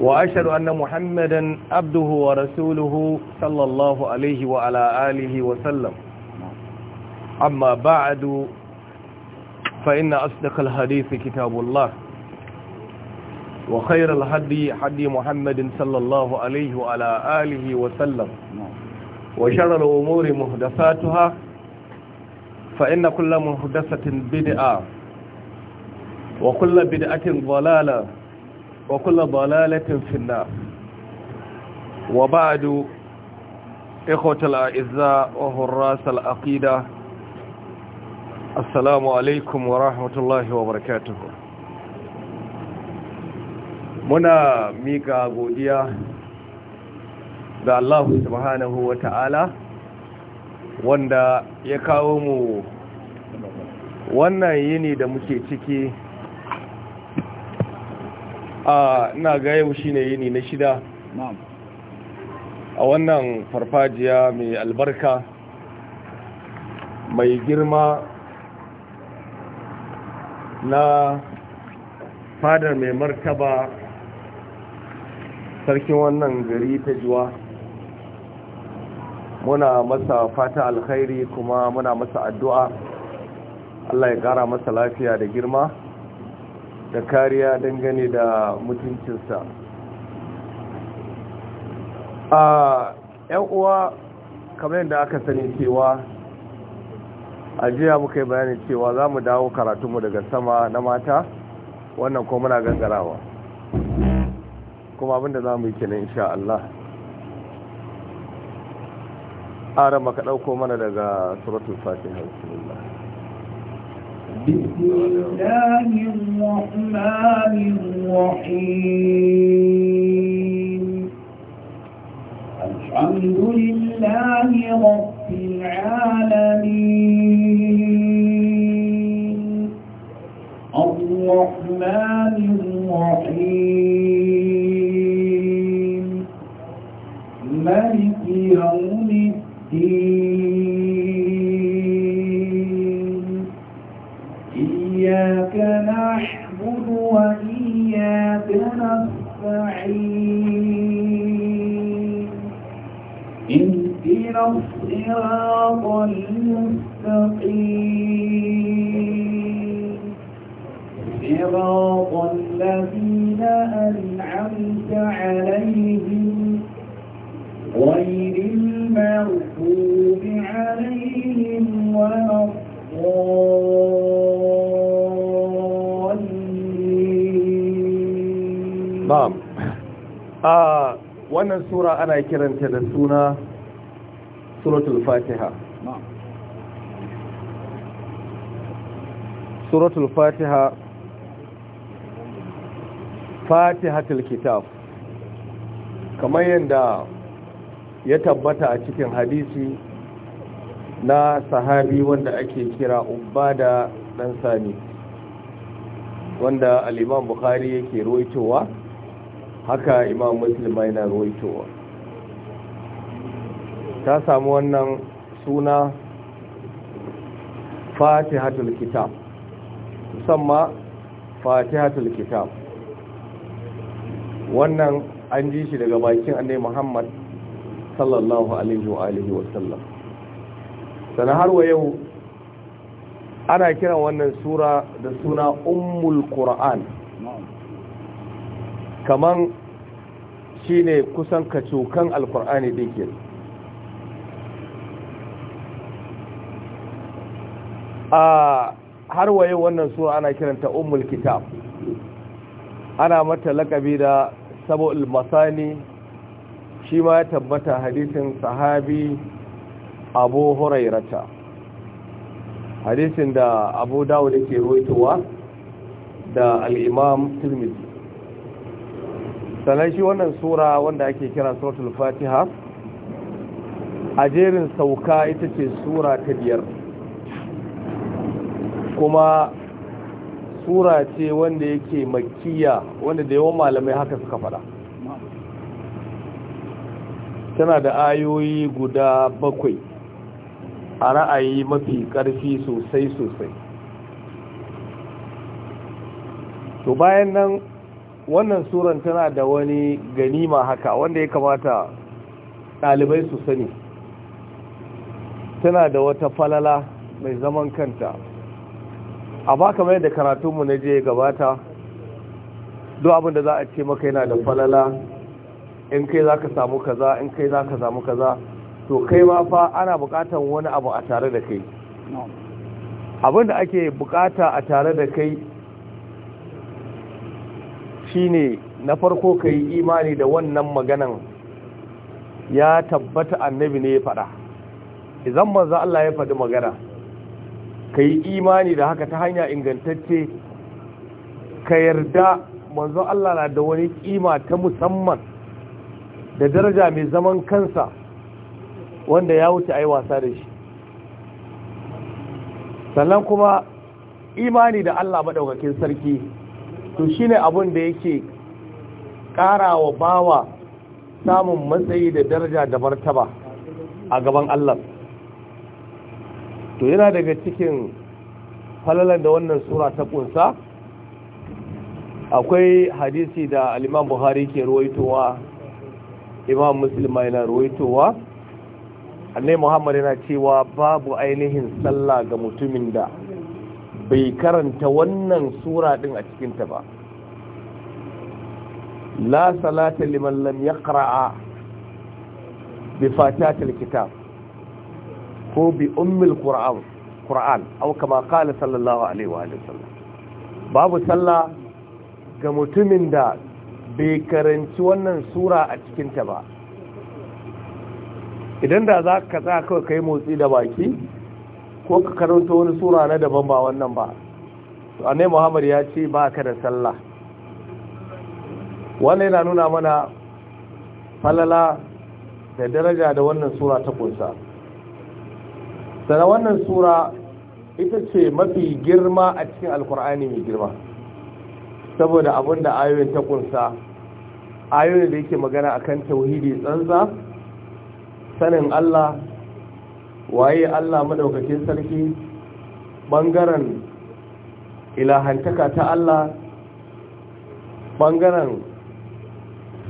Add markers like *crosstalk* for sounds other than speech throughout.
وأشهد أن محمدا عبده ورسوله صلى الله عليه وعلى آله وسلم أما بعد فإن أصدق الحديث كتاب الله وخير الهدي حدي محمد صلى الله عليه وعلى آله وسلم وشر الأمور مهدفاتها فإن كل مهدفة بدعة وكل بدعة ضلالة وكل ضلالة في النار وبعد إخوة الأعزاء وهراس العقيدة السلام عليكم ورحمة الله وبركاته muna miƙa godiya ga Allahu subhanahu wa ta'ala wanda ya kawo mu wannan yini da muke ciki a ina ga yau shine yini na shida a wannan farfajiya mai albarka mai girma na fadar mai martaba sarkin wannan gari ta juwa muna masa fata alkhairi kuma muna masa addu'a Allah ya kara masa lafiya da girma da kariya dangane da mutuncinsa a yan uwa kamar yadda aka sani cewa a jiya muka yi bayanin cewa za mu dawo karatunmu daga sama na mata wannan kuma muna gangarawa kuma abinda za mu yi kenan insha Allah ara maka ɗauko mana daga suratul fatiha bismillah بسم الله الرحمن الرحيم الحمد لله رب العالمين kiranta da suna suratul fatiha suratul fatiha fatihatul kitab kamar yadda ya tabbata a cikin hadisi na sahabi wanda ake kira ubada dan sami wanda al-imam bukhari yake ruwaitowa haka imam muslim yana ruwaitowa ta samu wannan suna fatihatul kitab musamman fatihatul kitab wannan an ji shi daga bakin annai muhammad sallallahu alaihi wa alihi wasallam sana har wa yau ana kiran wannan sura da suna ummul qur'an kaman shine kusan kacokan alqur'ani dake a har waye wannan sura ana kiranta ummul kitab ana mata lakabi da sabul masani shi ma ya tabbata hadisin sahabi abu hurairata hadisin da abu dawud yake ruwaitowa da al-imam tirmidhi sanan shi wannan sura wanda ake kira suratul fatiha a jerin sauka ita ce sura ta biyar kuma sura ce wanda yake makiya wanda da yawan malamai haka suka fada tana da ayoyi guda bakwai a ra'ayi mafi ƙarfi sosai sosai to bayan nan wannan suran tana da wani ganima haka wanda ya kamata ɗalibai su sani tana da wata falala mai zaman kanta a ba kamar yadda karatunmu na je gabata duk abin da za a ce maka yana da falala in kai za ka samu kaza in kai za ka samu kaza to kai ma fa ana bukatan wani abu a tare da kai abin da ake bukata a tare da kai shine na farko ka yi imani da wannan maganan ya tabbata annabi ne ya faɗa idan manzo Allah ya faɗi magana ka yi imani da haka ta hanya ingantacce ka yarda manzon Allah na da wani kima ta musamman da daraja mai zaman kansa wanda ya wuce ai wasa da shi sannan kuma imani da Allah maɗaukakin sarki to shine abin da yake ƙarawa bawa samun matsayi da daraja da martaba a gaban Allah to yana daga cikin falalan da wannan sura ta kunsa akwai hadisi da al-Imam buhari ke ruwaitowa imam musulma yana ruwaitowa Annabi muhammad yana cewa babu ainihin sallah ga mutumin da bai karanta wannan sura din a cikinta ba la salata liman lam yaqra'a bi fatatil kitab ko bi ummil qur'an qur'an aw kama qala sallallahu alaihi wa sallam babu sallah ga mutumin da bai karanci wannan sura a cikin ta ba idan da za ka tsaya kawai ka motsi da baki ko ka karanta wani sura na daban ba wannan ba annai muhammad ya ce ba ka da sallah wannan yana nuna mana falala da daraja da wannan sura ta kunsa sana wannan sura ita ce mafi girma a cikin alkur'ani mai girma saboda abin da ayoyin ta kunsa ayoyin da yake magana akan tauhidi Tsanza, sanin Allah waye Allah madaukakin sarki bangaren ilahantaka ta Allah bangaren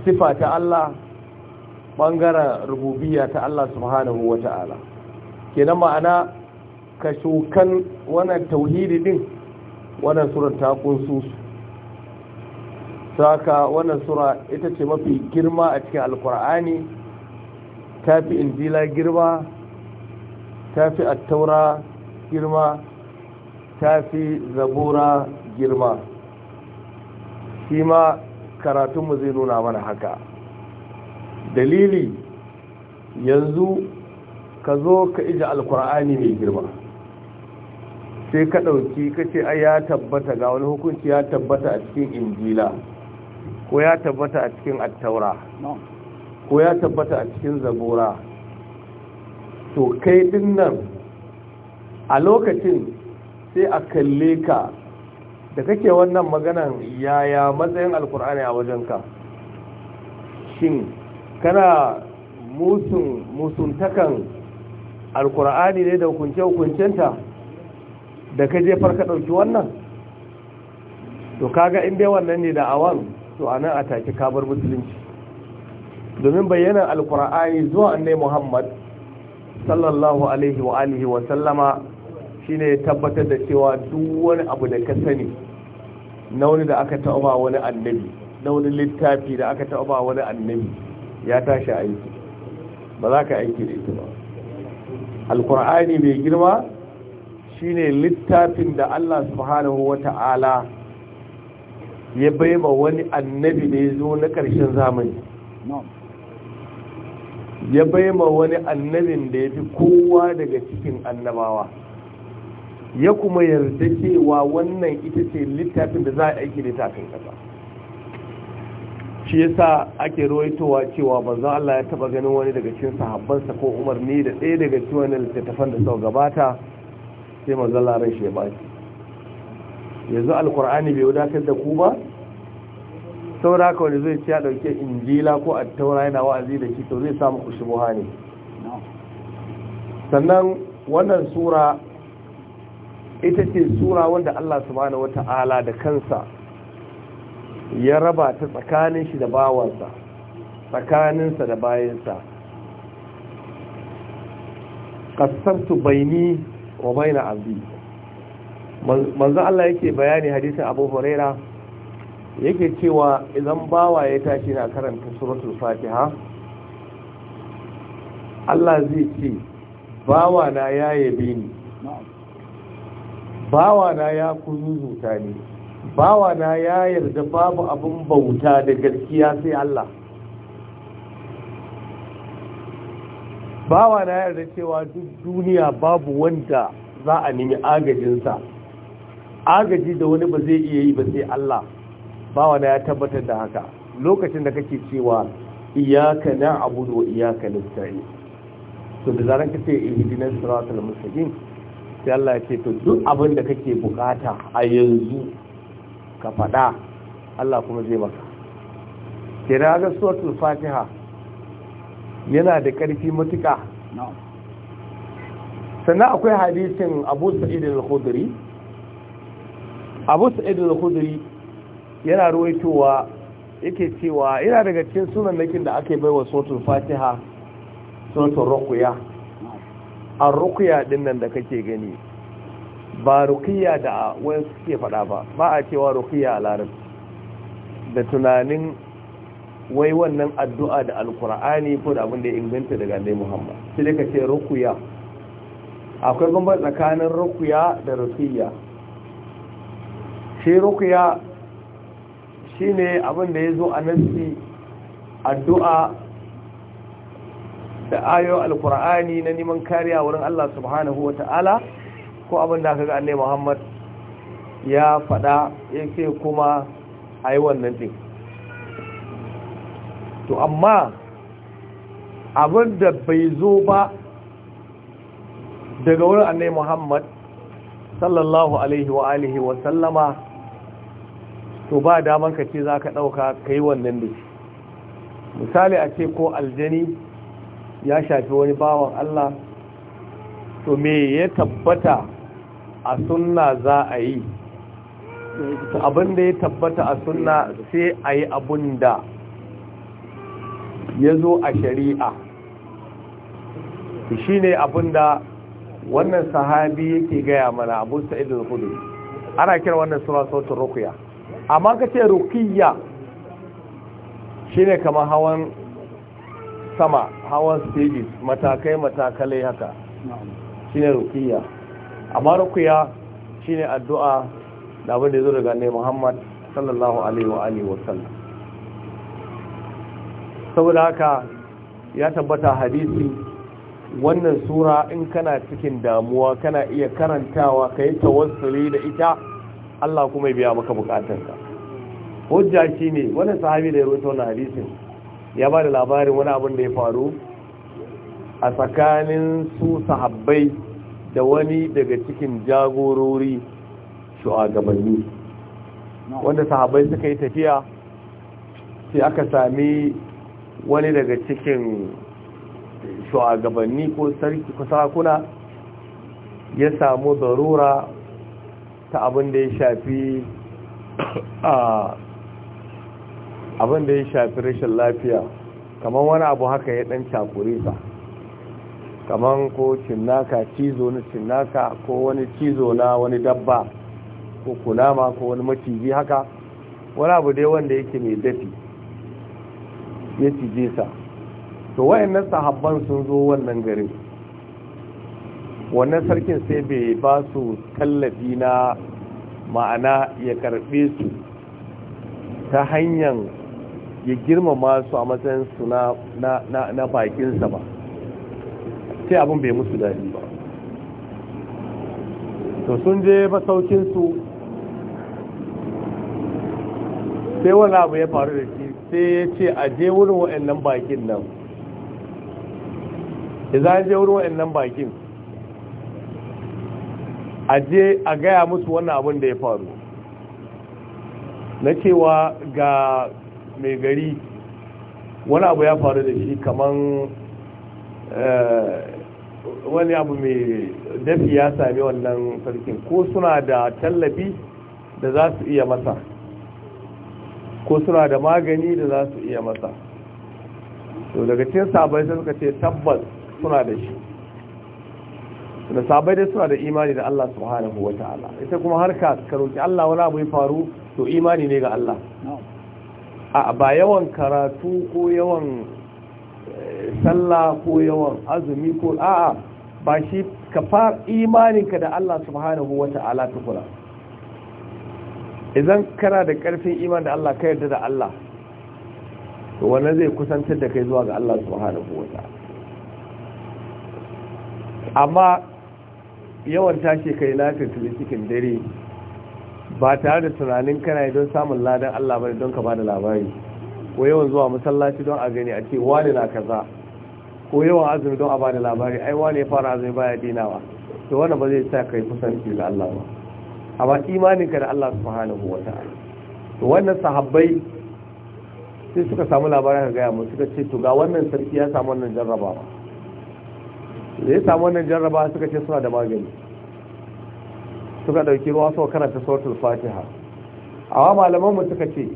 sifa ta Allah bangaren Rububiya ta Allah subhanahu wata'ala kenan ma'ana ka wannan tauhidi din wannan surar ta kunsu saka wannan sura ita ce mafi girma a cikin alkur'ani ta fi injila girma ta fi attaura girma ta fi zabura girma shi ma karatunmu zai nuna mana haka dalili yanzu ka zo ka ija alkur'ani mai girma sai ka ɗauki ka ce a ya tabbata ga wani hukunci ya tabbata a cikin injila ko ya tabbata a cikin attaura ko ya tabbata a cikin zabura to kai din nan a lokacin sai a kalle ka da kake wannan maganan yaya matsayin alkur'ani a ka shin kana musun musuntakan alkur'ani ne da hukunce-hukuncenta da ka jefar ka ɗauki wannan to kaga in dai wannan ne da awan to a nan a take kabar musulunci domin bayyana alkur'ani zuwa annai muhammad sallallahu alaihi wa alihi wa sallama shine tabbatar da cewa duk wani abu da ka sani na wani da aka taɓa wani annabi na wani littafi da aka taɓa wani annabi ya tashi aiki ba za ka aiki da ita ba alkur'ani mai girma shine littafin da Allah subhanahu wata'ala ya baiba wani annabi da ya zo na karshen zamani ya ma wani annabin da ya fi kowa daga cikin annabawa ya kuma yarda cewa wannan ita ce littafin da za a aiki littafin ƙasa shi yasa ake rawaitowa cewa banzan Allah ya taba ganin wani daga cikin sahabbansa ko Umar ne da ɗaya daga cikin wani littattafan da suka gabata sai manzon Allah ran shi ya baki yanzu alkur'ani bai wadatar da ku ba saboda haka wani zai ci ya dauke injila ko attaura yana wa'azi da shi to zai samu kushubuha ne sannan wannan sura ita ce sura wanda Allah subhanahu wata'ala da kansa ya raba ta tsakanin shi da bawansa tsakaninsa da bayansa kasantu baini wa baina abdi manzo Allah yake bayani hadisin Abu Huraira yake cewa idan bawa ya tashi na karanta suratul Fatiha Allah zai ce bawa na ya yabe ni bawa na ya kuzuzuta ne Bawana ya yarda babu abin bauta da gaskiya sai Allah Bawana ya yarda cewa duk duniya babu wanda za a nemi agajinsa agaji da wani ba zai iya yi ba sai Allah bawa ya tabbatar da haka lokacin da kake cewa iyaka na abudu wa iyaka nasta'in to da zaran kace ihdinas siratal mustaqim sai Allah ya ce to duk abin da kake bukata a yanzu ka faɗa Allah kuma zai maka kira ga suratul fatiha yana da ƙarfi matuƙa sannan akwai hadisin abu sa'id al-khudri abu sa'id al-khudri yana ruwaitowa yake cewa yana daga cikin sunan nakin da aka yi baiwa suratul fatiha suratul ruqya ar-ruqya dinnan da kake gani ba rukiya da wani suke faɗa ba ba a cewa rukiya a da tunanin wai wannan addu'a da alkur'ani ko da abin da ya inganta daga dai muhammad sai dai ka ce akwai bambar tsakanin rukiya da rukiya shi rukiya shi ne abin da ya zo a nasi addu'a da ayo alkur'ani na neman kariya wurin allah subhanahu wa ta'ala ko abin da aka ga annai muhammad ya faɗa ya ce kuma a yi wannan ɗin to amma abin da bai zo ba daga wurin annai muhammad sallallahu alaihi wa alihi wa sallama to ba daman ka ce za ka ɗauka ka yi wannan ɗin misali a ce ko aljani ya shafi wani bawan allah to me ya tabbata a sunna za a yi abin da ya tabbata a sunna sai a yi abin da ya zo a shari'a shi ne abin da wannan sahabi yake gaya mana abu sa'id al-hudu ana kira wannan sura sautin rukiya amma ka ce rukiya shi ne kamar hawan sama hawan stages matakai matakalai haka shine ne rukiya amma rukuya shine addu'a da abin da ya zo daga ne muhammad sallallahu alaihi wa alihi wa sallam saboda haka ya tabbata hadisi wannan sura in kana cikin damuwa kana iya karantawa ka yi tawassuli da ita Allah kuma ya biya maka bukatanka hujja shine wannan sahabi da ya rubuta wannan hadisin ya ba da labarin wani abin da ya faru a tsakanin su sahabbai da wani daga cikin jagorori shugabanni wanda sahabai suka yi tafiya sai aka sami wani daga cikin shugabanni ko sarki ko sarakuna ya samu darura ta abin da ya shafi abin da ya shafi rashin lafiya kamar wani abu haka ya dan cakure sa kamar ko cinnaka cizo na cinnaka ko wani cizo na wani dabba ko kunama ko wani maciji haka wani abu dai wanda yake mai dafi ya cije sa to wayannan sahabban sun zo wannan garin wannan sarkin sai bai ba su tallafi na ma'ana ya karbe su ta hanyar ya girmama su a matsayin su na bakinsa ba sai abin bai musu daɗi ba to sun je masaukinsu sai wani abu ya faru da shi sai ya ce a je wurin wa'annan bakin nan a je wurin wa'annan bakin a je a gaya musu wannan abin da ya faru na cewa ga mai gari wani abu ya faru da shi kaman eh, wani abu mai dafi ya sami wannan sarkin ko suna da tallafi da za su iya masa ko suna da magani da za su iya masa to daga cikin sabai sai suka ce tabbas suna da shi da sabai dai suna da imani da Allah subhanahu wa ta'ala ita kuma harka ka roki Allah wani abu ya faru to imani ne ga Allah a ba yawan karatu ko yawan sallah ko yawan azumi ko a'a ba shi ka far imaninka da Allah subhanahu wa ta'ala tukula idan kana da karfin iman da Allah ka yarda da Allah to wannan zai kusantar da kai zuwa ga Allah subhanahu wa ta'ala amma yawan tashi kai na lafiya cikin dare ba tare da tunanin kana don samun ladan Allah ba don ka bada labari ko yawan zuwa masallaci don a gani a ce wani na kaza ko yawan azumi don a ba da labari ai wane fara azumi baya dinawa to wannan ba zai sa kai kusanci da Allah ba amma imaninka da Allah subhanahu wa ta'ala to wannan sahabbai sai suka samu labarin ga ya mu suka ce to ga wannan sarki ya samu wannan jarrabawa da ya samu wannan jarrabawa suka ce suna da magani suka dauki ruwa suka karanta suratul fatiha amma malaman mu suka ce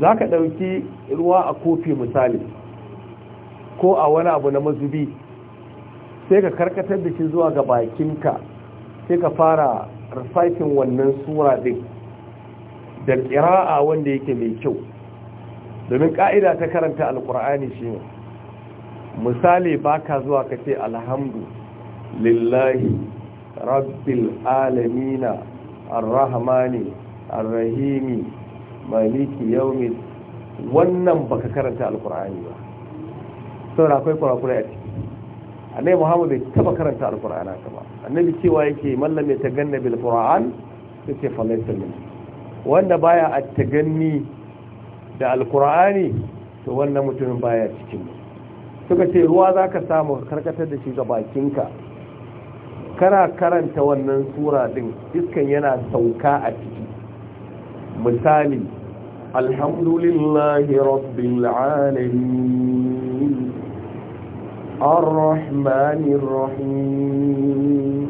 zaka dauki ruwa a kofi misali ko a wani abu na mazubi sai ka karkatar da shi zuwa ga bakinka sai ka fara rufaitin wannan sura din da ƙira'a wanda yake mai kyau domin ƙa'ida ta karanta alƙur'ani shi ne misali ba ka zuwa ka ce alhamdu lillahi rabbil alamina arrahmani arrahimi maliki yaumin wannan baka karanta alkur'ani ba saboda akwai kurakurai a ciki annabi muhammad bai taba karanta alkurana ta ba annabi cewa yake mallam ta taganna bil qur'an ce min wanda baya at-taganni da alkur'ani to wannan mutumin baya cikin suka ce ruwa za ka samu karkatar da shi ga bakinka kana karanta wannan sura din iskan yana sauka a ciki misali alhamdulillahi rabbil alamin الرحمن الرحيم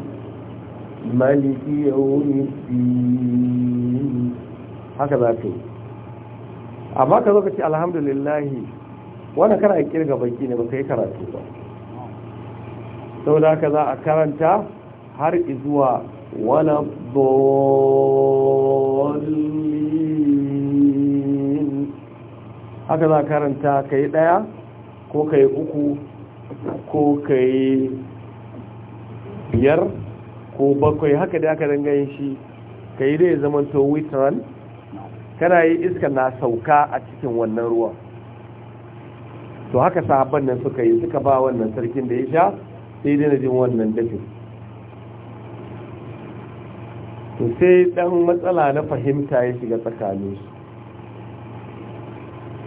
ملك يوم الدين هكذا تو amma ka كتي الحمد لله وانا wannan kana kirga ne baka yi karatu ba saboda haka za a karanta har zuwa wala dolin haka za a karanta ka yi ɗaya ko kai uku ko ka yi biyar ko bakwai haka da aka dangayin shi ka yi dai zaman to witran kana yi iska na sauka a cikin wannan ruwa to haka sahabban nan suka yi suka ba wannan sarkin da ya sha sai dai jin wannan dafin to sai dan matsala na fahimta ya shiga tsakaninsu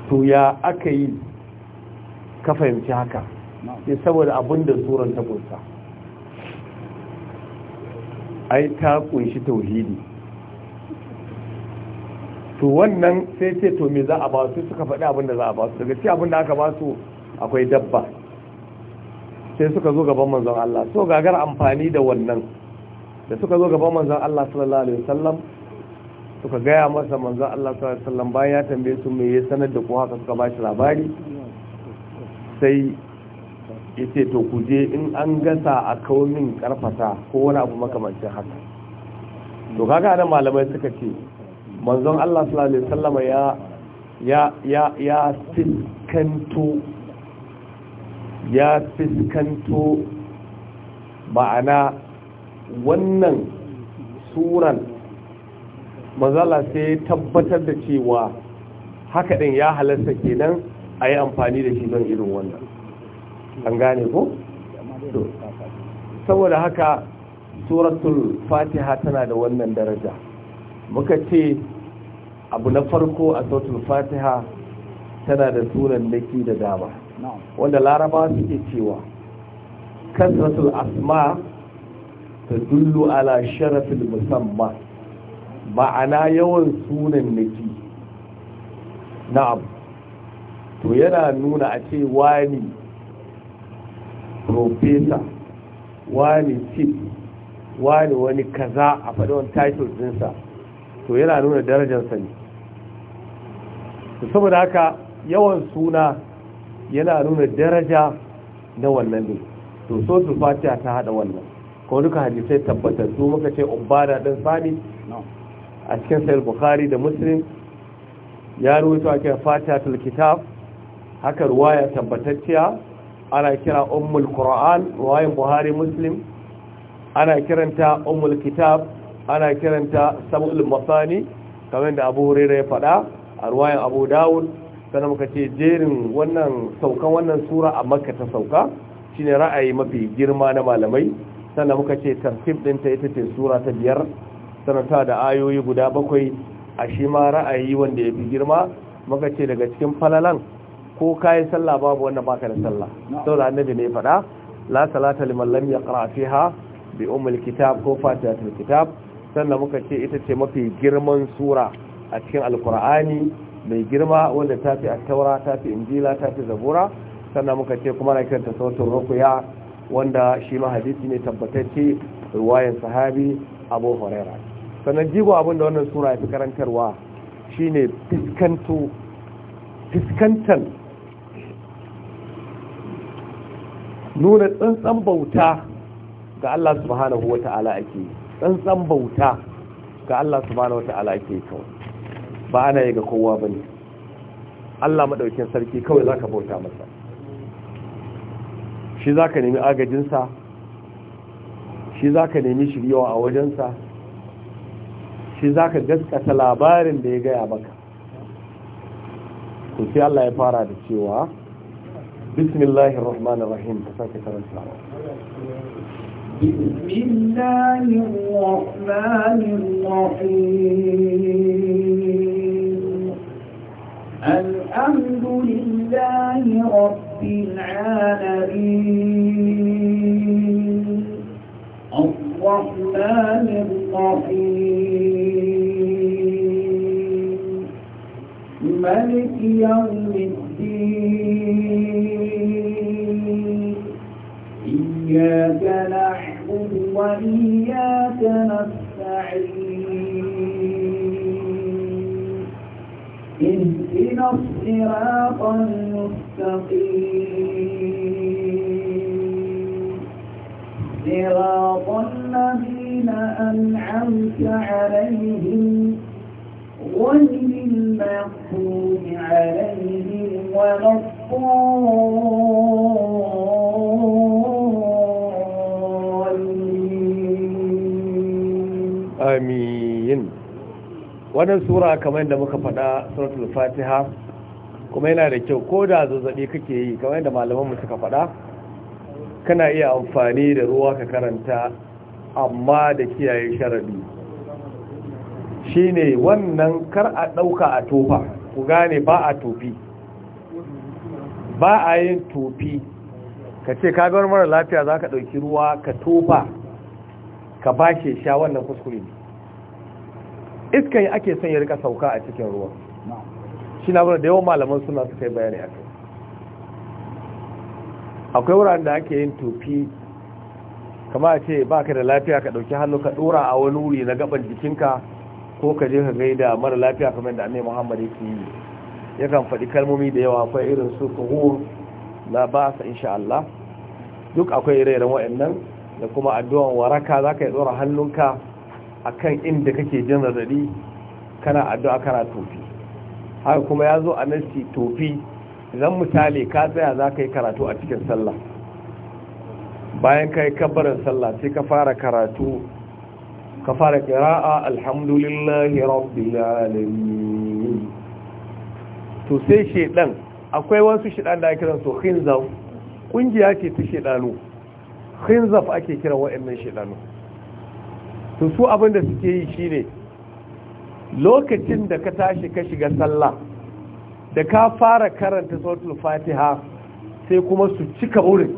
to ya aka yi ka fahimci haka sai saboda abin da suran ta kunsa ai ta kunshi tauhidi to wannan sai ce to me za a ba su suka faɗi abin da za a ba su daga ci abin da aka ba su akwai dabba sai suka zo gaban manzon Allah so gagar amfani da wannan da suka zo gaban manzon Allah sallallahu alaihi wasallam suka gaya masa manzon Allah sallallahu alaihi wasallam bayan ya tambaye su me ya sanar da ku haka suka ba shi labari sai ya ce to ku je in an gasa a kaunin karfata ko wani abu makamancin haka to kaga nan malamai suka ce manzon Allah sallallahu alaihi wasallama ya ya ya ya fiskanto ya fiskanto ma'ana wannan suran mazala sai tabbatar da cewa haka din ya halarta kenan a yi amfani da shi don irin wannan an gane ko saboda haka suratul fatiha tana da wannan daraja muka ce abu na farko a suratul fatiha tana da sunan naki da dama wanda laraba suke cewa kasratul asma ta dullu ala sharafin musamma ma'ana yawan sunan naki na'am to yana nuna a ce wani profesa wani chief wani wani kaza a faɗi wani title ɗinsa to yana nuna darajarsa ne saboda haka yawan suna yana nuna daraja na wannan ne to su fatiya ta hada wannan kuma duka hadisai tabbatar su muka ce ubbada dan sani a cikin sayar bukhari da muslim ya ruwaito ake fatihatul kitab haka ruwaya tabbatacciya ana kira ummul qur'an wayin buhari muslim ana kiranta ummul kitab ana kiranta sab'ul masani kamar da abu hurairah ya faɗa a ruwayan abu dawud sannan muka ce jerin wannan saukan wannan sura a makka ta sauka shine ra'ayi mafi girma na malamai sannan muka ce tartib ɗinta ita ce sura ta biyar sannan ta da ayoyi guda bakwai a shi ma ra'ayi wanda ya fi girma muka ce daga cikin falalan ko kayi sallah babu wannan baka da sallah saboda annabi ne faɗa la salata liman lam yaqra fiha bi ummul kitab ko fatihatul kitab sannan muka ce ita ce mafi girman sura a cikin alqur'ani mai girma wanda ta fi at-taura ta fi injila ta fi zabura sannan muka ce kuma na kanta sautin rukuya wanda shi ma hadisi ne tabbatacce ruwayan sahabi abu huraira sannan jigo abin da wannan sura ya fi karantarwa shine fiskanto fiskantan nuna tsantsan bauta ga Allah subhanahu wata'ala ake tsantsan bauta ga Allah subhanahu wata'ala ake kawai ba ana yi ga kowa ba ne Allah maɗaukin sarki kawai za ka bauta masa shi za ka nemi agajinsa shi za ka nemi shiryawa a wajensa shi za ka gaskata labarin da ya gaya maka ko sai Allah ya fara da cewa بسم الله الرحمن الرحيم فساكت بسم الله الرحمن الرحيم الحمد لله رب العالمين الرحمن الرحيم ملك يوم الدين إياك نحبه وإياك نستعين اهدنا الصراط المستقيم صراط الذين أنعمت عليهم Amin. Wannan Sura kamar yadda muka faɗa suratul Fatiha kuma yana da kyau ko da zazzaɓi kake yi kamar yadda malamanmu suka faɗa kana iya amfani da ruwa ka karanta amma da kiyaye sharaɗi. Shi ne wannan kar a ɗauka a tofa ku gane ba a tofi ba a yin tofi ka ce kagar mara lafiya za ka ɗauki ruwa ka tofa ka ba ke sha wannan kuskure ne iskan yi ake son rika sauka a cikin ruwa shi na da yawan malaman suna suka kai bayani a kai. akwai wuraren da ake yin tofi kama ce ba ka da lafiya ka ɗauki hannu ka ɗora a wani wuri na gaban jikinka ko ka je ka gaida mara lafiya kamar da annai Muhammad yake yi yakan faɗi kalmomi da yawa akwai irin su kuhur Na ba sa insha Allah duk akwai ire-iren waɗannan da kuma addu'an waraka ka yi tsoron hannunka a kan inda kake jin radadi kana addu'a kana tofi haka kuma ya zo a nasi tofi idan misali ka tsaya za ka yi karatu a cikin sallah bayan ka yi kabbarin sallah sai ka fara karatu ka fara kira'a alhamdulillahi rabbil alamin to sai shedan akwai wasu shedan da ake kiran su khinzaf kungiya ce ta shedanu khinzaf ake kira wa'annan shedanu to su abin da suke yi shine lokacin da ka tashi ka shiga sallah da ka fara karanta suratul fatiha sai kuma su cika wurin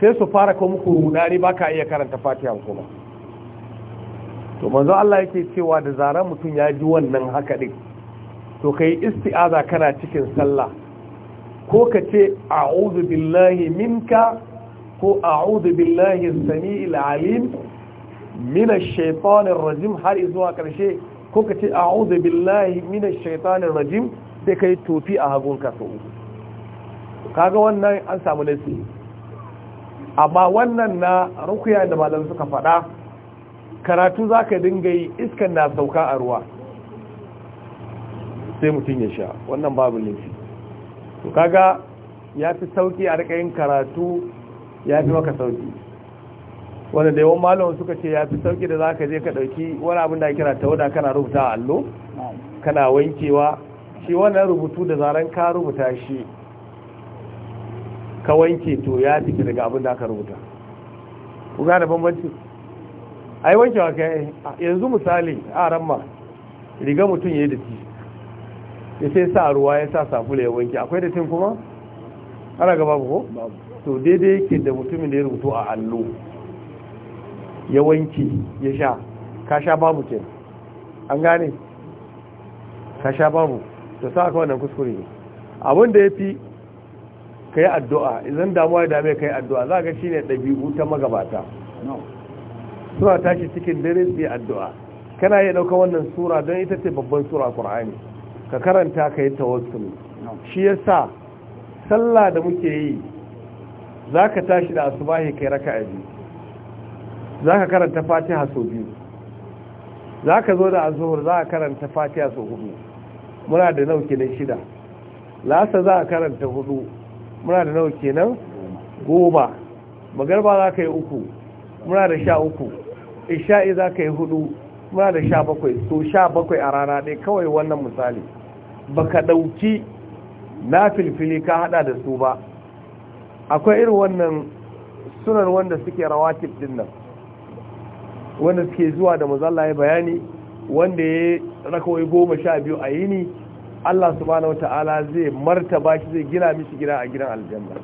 sai su fara kuma ku ne baka iya karanta fatiha kuma to manzo Allah yake cewa da zarar mutum ya ji wannan haka din to kai isti'aza kana cikin sallah ko ka ce a'udhu billahi minka ko a'udhu billahi samiil alim minash rajim har zuwa karshe ko ka ce a'udhu billahi minash ash rajim sai kai tofi a hagunka so kaga wannan an samu nasi amma wannan na rukuya da malam suka faɗa karatu za ka dinga yi iskan na sauka a ruwa sai mutum ya sha wannan babu laifi to kaga ya fi sauki a rikayin karatu ya fi maka sauki wanda da yawan malamin suka ce ya fi sauki da za ka je ka ɗauki wani abin da kira ta wadda kana rubuta a allo kana wankewa shi wannan rubutu da zaren ka rubuta shi ka wanke to ya fi daga abin da aka rubuta ku gane bambanci ai wankewa kai yanzu misali a ramma riga mutum ya yi dati ya sai sa ruwa ya sa sabula ya wanke akwai tun kuma ana gaba ko to daidai yake da mutumin da ya rubuto a allo ya wanke ya sha ka sha babu ke an gane ka sha babu to sa aka wannan kuskure ne abin da ya fi ka yi addu'a idan damuwa ya dame ka yi addu'a za ka shi ne ɗabi'u ta magabata suna tashi cikin dare sai addu'a kana iya dauka wannan sura don ita ce babban sura ƙur'ani ka karanta ka yi tawassul shi ya sa sallah da muke yi za ka tashi da asubahi kai raka a biyu za ka karanta fatiha sau biyu za ka zo da azuhur za ka karanta fatiha sau hudu muna da nauke kenan shida lasa za a karanta hudu muna da nauke nan goma magarba za ka yi uku muna da sha uku isha'i za ka yi hudu muna da sha bakwai To sha bakwai a rana ɗaya kawai wannan misali ba ka ɗauki na filfili ka haɗa da su ba akwai irin wannan sunan wanda suke rawa din nan wanda suke zuwa da mazalla ya bayani wanda ya rakawai goma sha biyu a yini Allah subhanahu Ta'ala zai martaba shi zai gina mishi gida a gidan aljanna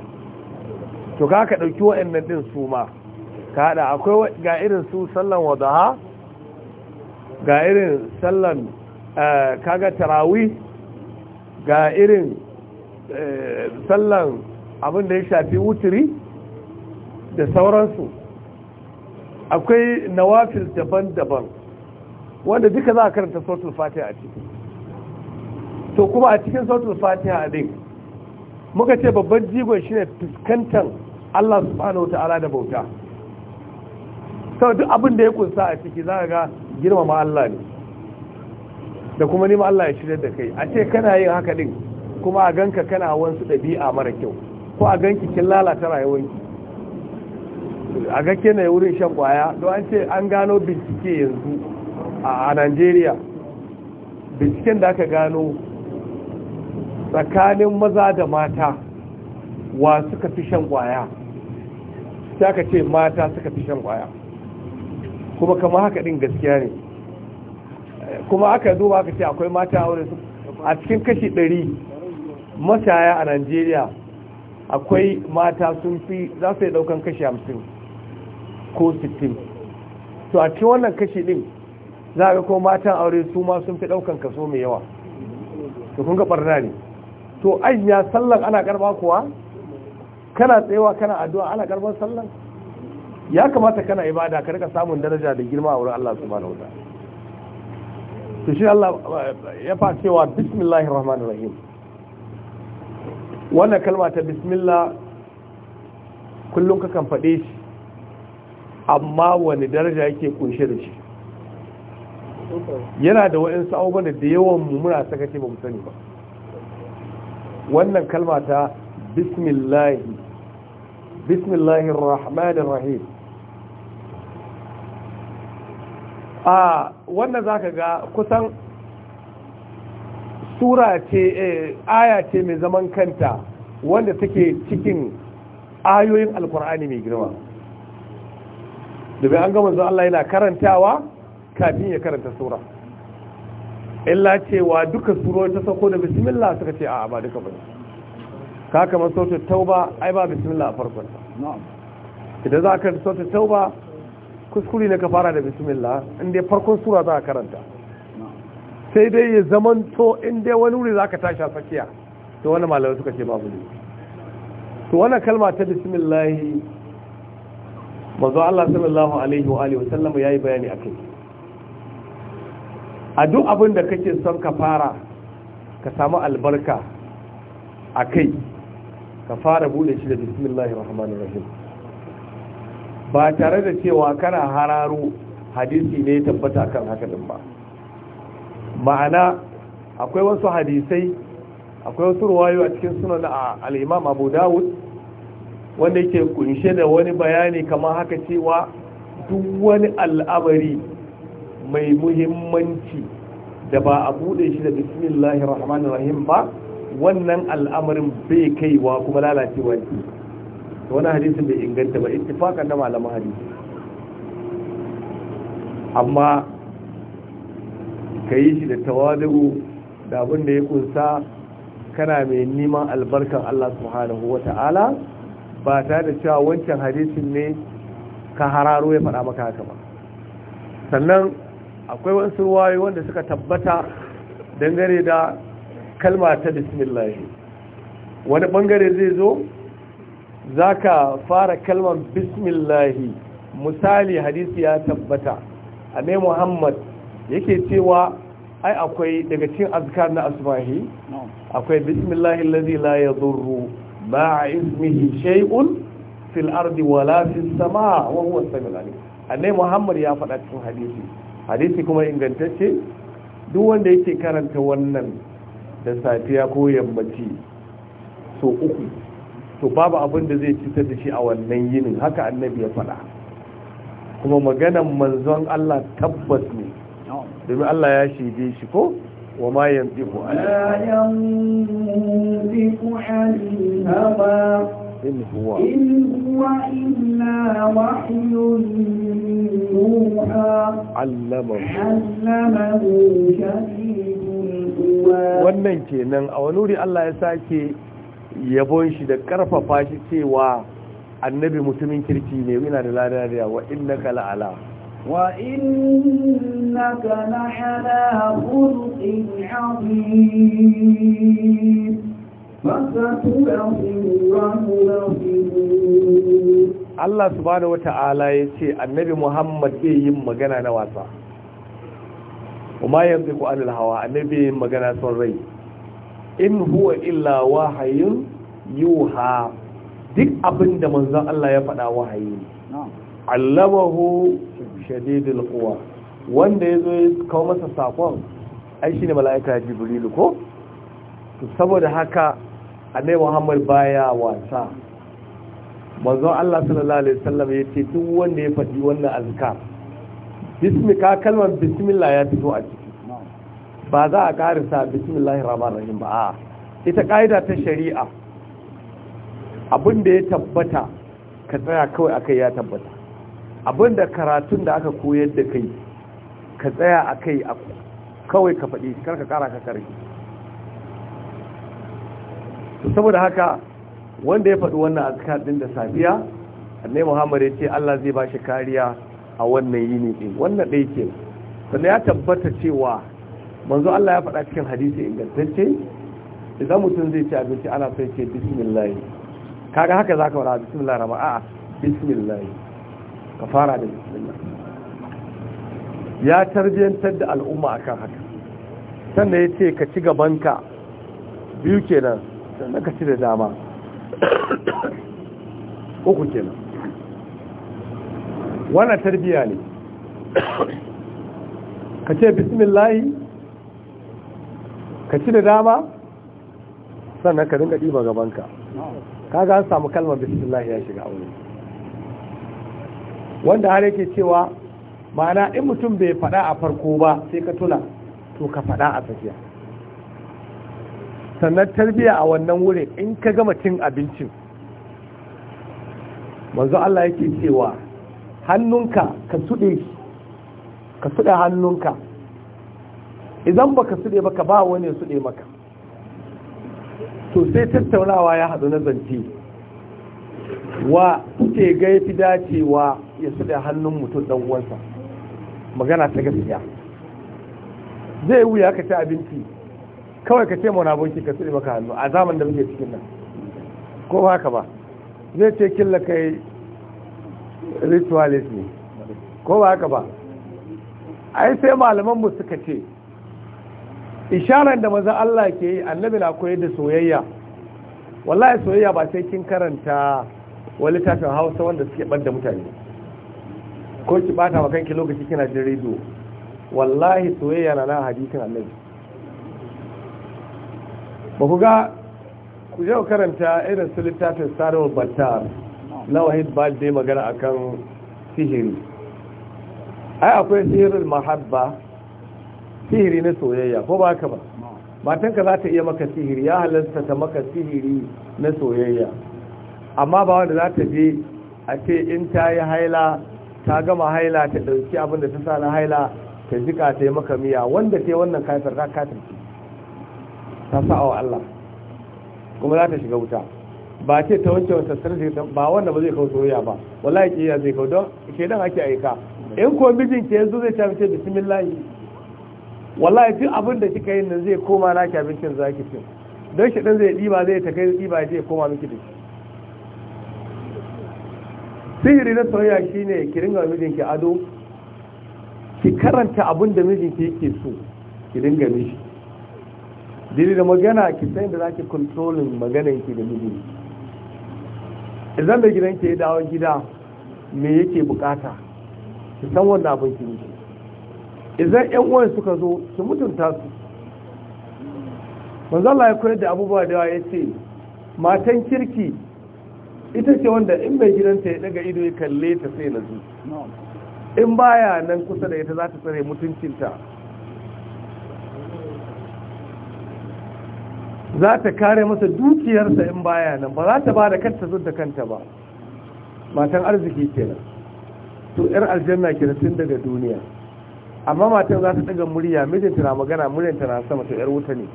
to ka ka ɗauki waɗannan ɗin su ma ka hada akwai ga irin su sallan wadaha ga irin sallan eh, kaga tarawi ga irin eh, sallan abin da ya shafi wuturi da sauransu akwai nawafil daban-daban wanda duka za a karanta sautul fatiha a ciki to kuma a cikin sautul fatiha din muka ce babban jigon shi ne fuskantar Allah subhanahu wa ta'ala da bauta sau duk abin da ya kunsa a ciki za ga girmama Allah ne da kuma nima Allah ya shirya da kai a ce kana yin haka din kuma a ganka kana wansu ɗabi'a mara kyau ko a ganki kin lalata rayuwarki a ga na wurin shan kwaya don an ce an gano bincike yanzu a Najeriya binciken da aka gano tsakanin maza da mata wa suka fi shan kwaya sai aka ce mata suka fi shan kwaya kuma kama haka din gaskiya ne kuma aka duba aka ce akwai mata aure a cikin kashi ɗari mataya a Najeriya akwai mata sun fi za su yi ɗaukan kashi hamsin ko sittin to a cikin wannan kashi ɗin za ga ko matan aure su ma sun fi ɗaukan kaso mai yawa to kun ga ɓarna ne to ajiya sallan ana karɓa kuwa kana tsayawa kana addu'a ana karban sallan ya kamata kana ibada ka rika samun daraja da girma a wurin Allah subhanahu wa to shi Allah eh, ya fa cewa bismillahir rahmanir rahim wannan kalma ta bismillah kullum kan faɗe shi amma wani daraja yake kunshe da shi yana da wa'insu abubuwan da yawan mu muna sakace ba mu sani ba wannan kalma ta bismillahi bismillahir rahmanir rahim a wannan za ka ga kusan sura ce eh, aya ce mai zaman kanta wanda take cikin ayoyin alkur'ani mai girma bai an gama zuwa Allah yana karantawa kafin ya karanta sura illa cewa duka tura ta sauko da bismillah suka ce a ba duka bane ka kamar sautar tauba ai ba bismillah a farkon idan za ka sautar tauba kuskure ne ka fara da bismillah in dai farkon sura za a karanta sai dai ya zamanto in dai wani wuri za ka tashi a tsakiya to wani malamai suka ce babu ne to wani kalma ta bismillah manzo Allah sallallahu alaihi wa alihi wasallam yi bayani a kai, a duk abin da kake son ka fara ka samu albarka a kai, ka fara bude shi da bismillahir rahmanir rahim ba tare da cewa kana hararo hadisi ne tabbata kan hakanin ba ma'ana akwai wasu hadisai akwai wasu ruwayo a cikin sunan al'imam abu dawud wanda yake kunshe da wani bayani kamar haka cewa duk wani al'amari mai muhimmanci da ba a bude shi da bismillahir rahmanir rahim ba wannan al'amarin bai kaiwa kuma lalacewa ne to wani hadisin bai inganta ba ittifaqan da malaman hadisi amma kai shi da tawadu da abin da ya kunsa kana mai neman albarkan Allah subhanahu ta'ala, ba ta da cewa wancan hadisin ne ka hararo ya faɗa maka haka ba sannan akwai wasu wayoyi wanda suka tabbata dangare da kalmata ta bismillah wani bangare zai zo za ka fara kalmar bismillahi misali hadisi ya tabbata a mai muhammad yake cewa ai akwai daga cin azkar na asmahi akwai bismillahi allazi la yadurru ma'a ismihi shay'un fil ardi wala fis samaa wa huwa muhammad ya faɗa cikin hadisi hadisi kuma ingantacce duk wanda yake karanta wannan da safiya ko yammaci so uku to babu abin da zai cutar da shi a wannan yinin haka annabi ya faɗa kuma maganan manzon Allah tabbas ne domin Allah ya shaide shi ko wa ma yanzu an in huwa illa wahyun yuha allamahu wannan kenan a wani wuri Allah ya sake yabon shi da karfafa shi cewa annabi mutumin kirki ne yana da ladariya wa ka la'ala wa innaka la'ala khuluqin 'azim Allah subhanahu wata'ala ya ce annabi Muhammad bai yin magana na wasa kuma yanzu ku anil hawa annabi yin magana son rai in huwa illa wahayin yuha duk abin da manzon Allah ya faɗa wahayi allamahu shadidul quwa wanda yazo ya kawo masa sakon ai shine malaika jibril ko to saboda haka annabi Muhammad baya wasa manzon Allah sallallahu alaihi wasallam yace duk wanda ya faɗi wannan azkar bismika kalmar bismillah ya fito a ciki ba za a karisa bismillahir rahmanir rahim ba ita kaida ta shari'a abinda ya tabbata ka tsaya kawai akai ya tabbata abinda karatun da aka koyar da kai ka tsaya akai kawai ka faɗi karka kara ka karki saboda haka wanda ya faɗi wannan azkar din da safiya annabi muhammad ya ce Allah zai ba shi kariya a wannan yini din wannan dai ke sannan ya tabbata cewa manzo Allah ya faɗa cikin hadisi ingantacce idan mutum zai ci abinci ana sai ce bismillah kaga haka zaka fara bismillah rama a'a bismillah ka fara da bismillah ya tarbiyantar da al'umma akan haka sannan ya ce ka ci gaban ka biyu kenan sannan ka ci da dama uku kenan wannan tarbiya ne ka ce bismillahi ka ci da dama sannan ka rinka ɗiba gaban ka. kaga an samu kalmar bismillah ya shiga aure wanda har yake cewa ma'ana in mutum bai faɗa a farko ba sai ka tuna to ka faɗa a tsakiya sannan tarbiyya a wannan wurin in ka gama cin abincin manzo Allah yake cewa hannunka ka suɗe ka suɗe hannunka idan baka suɗe baka ba wani suɗe maka to sai tattaunawa ya haɗu na zance wa kuke ga fi dacewa ya suɗe hannun mutum ɗan uwansa magana ta gaskiya zai wuya ka ci abinci kawai ka ce mauna abinci ka suɗe maka hannu a zaman da muke cikin nan ko ba haka ba zai ce killa kai ritualist ne ko ba haka ba ai sai malaman mu suka ce isharar da maza Allah ke yi annabi na koyar da soyayya wallahi soyayya ba sai kin karanta wani littafin hausa wanda suke da mutane ko ki ɓata wa kanki lokaci kina jin rediyo wallahi soyayya na nan hadisin annabi ba ku ga ku yau karanta irin su littafin sarewar battar na wahid dai magana akan sihiri ai akwai sihirin mahabba sihiri na soyayya ko ba ka ba matanka za ta iya maka sihiri ya halarta ta maka sihiri na soyayya amma ba wanda za ta je a ce in ta yi haila ta gama haila ta ɗauki abin da ta sa na haila ta jika ta yi maka miya wanda ta yi wannan kafin ta kafin ta sa wa Allah kuma za ta shiga wuta ba ce ta wanke wata sarfi ba wanda ba zai kawo soyayya ba wallahi ya zai kawo don shedan ake aika in ko mijin ke yanzu zai ta fice bismillahi wallahi tun abin da kika yin nan zai koma naki abincin zaki fi, don shi dan zai diba zai ta kai diba zai koma miki da shi sihiri na soyayya shine ki ringa mijinki ado ki karanta abin da mijinki yake so ki ringa mishi dili da magana ki san da zaki controlling magana ki da mijinki idan da gidanki ya dawo gida me yake bukata ki san wannan abin ki mishi idan yan uwan suka zo su mutunta su manzo Allah ya koyar da abubuwa da ya ce matan kirki ita ce wanda in mai gidanta ya daga ido ya kalle ta sai na zu in baya nan kusa da ita za ta tsare mutuncinta za ta kare masa dukiyarsa in baya nan ba za ta ba da kanta zuwa da kanta ba matan arziki kenan to yar aljanna kenan tun daga duniya amma matan za ta daga murya mijinta na magana muryanta na sama ta yar wuta ne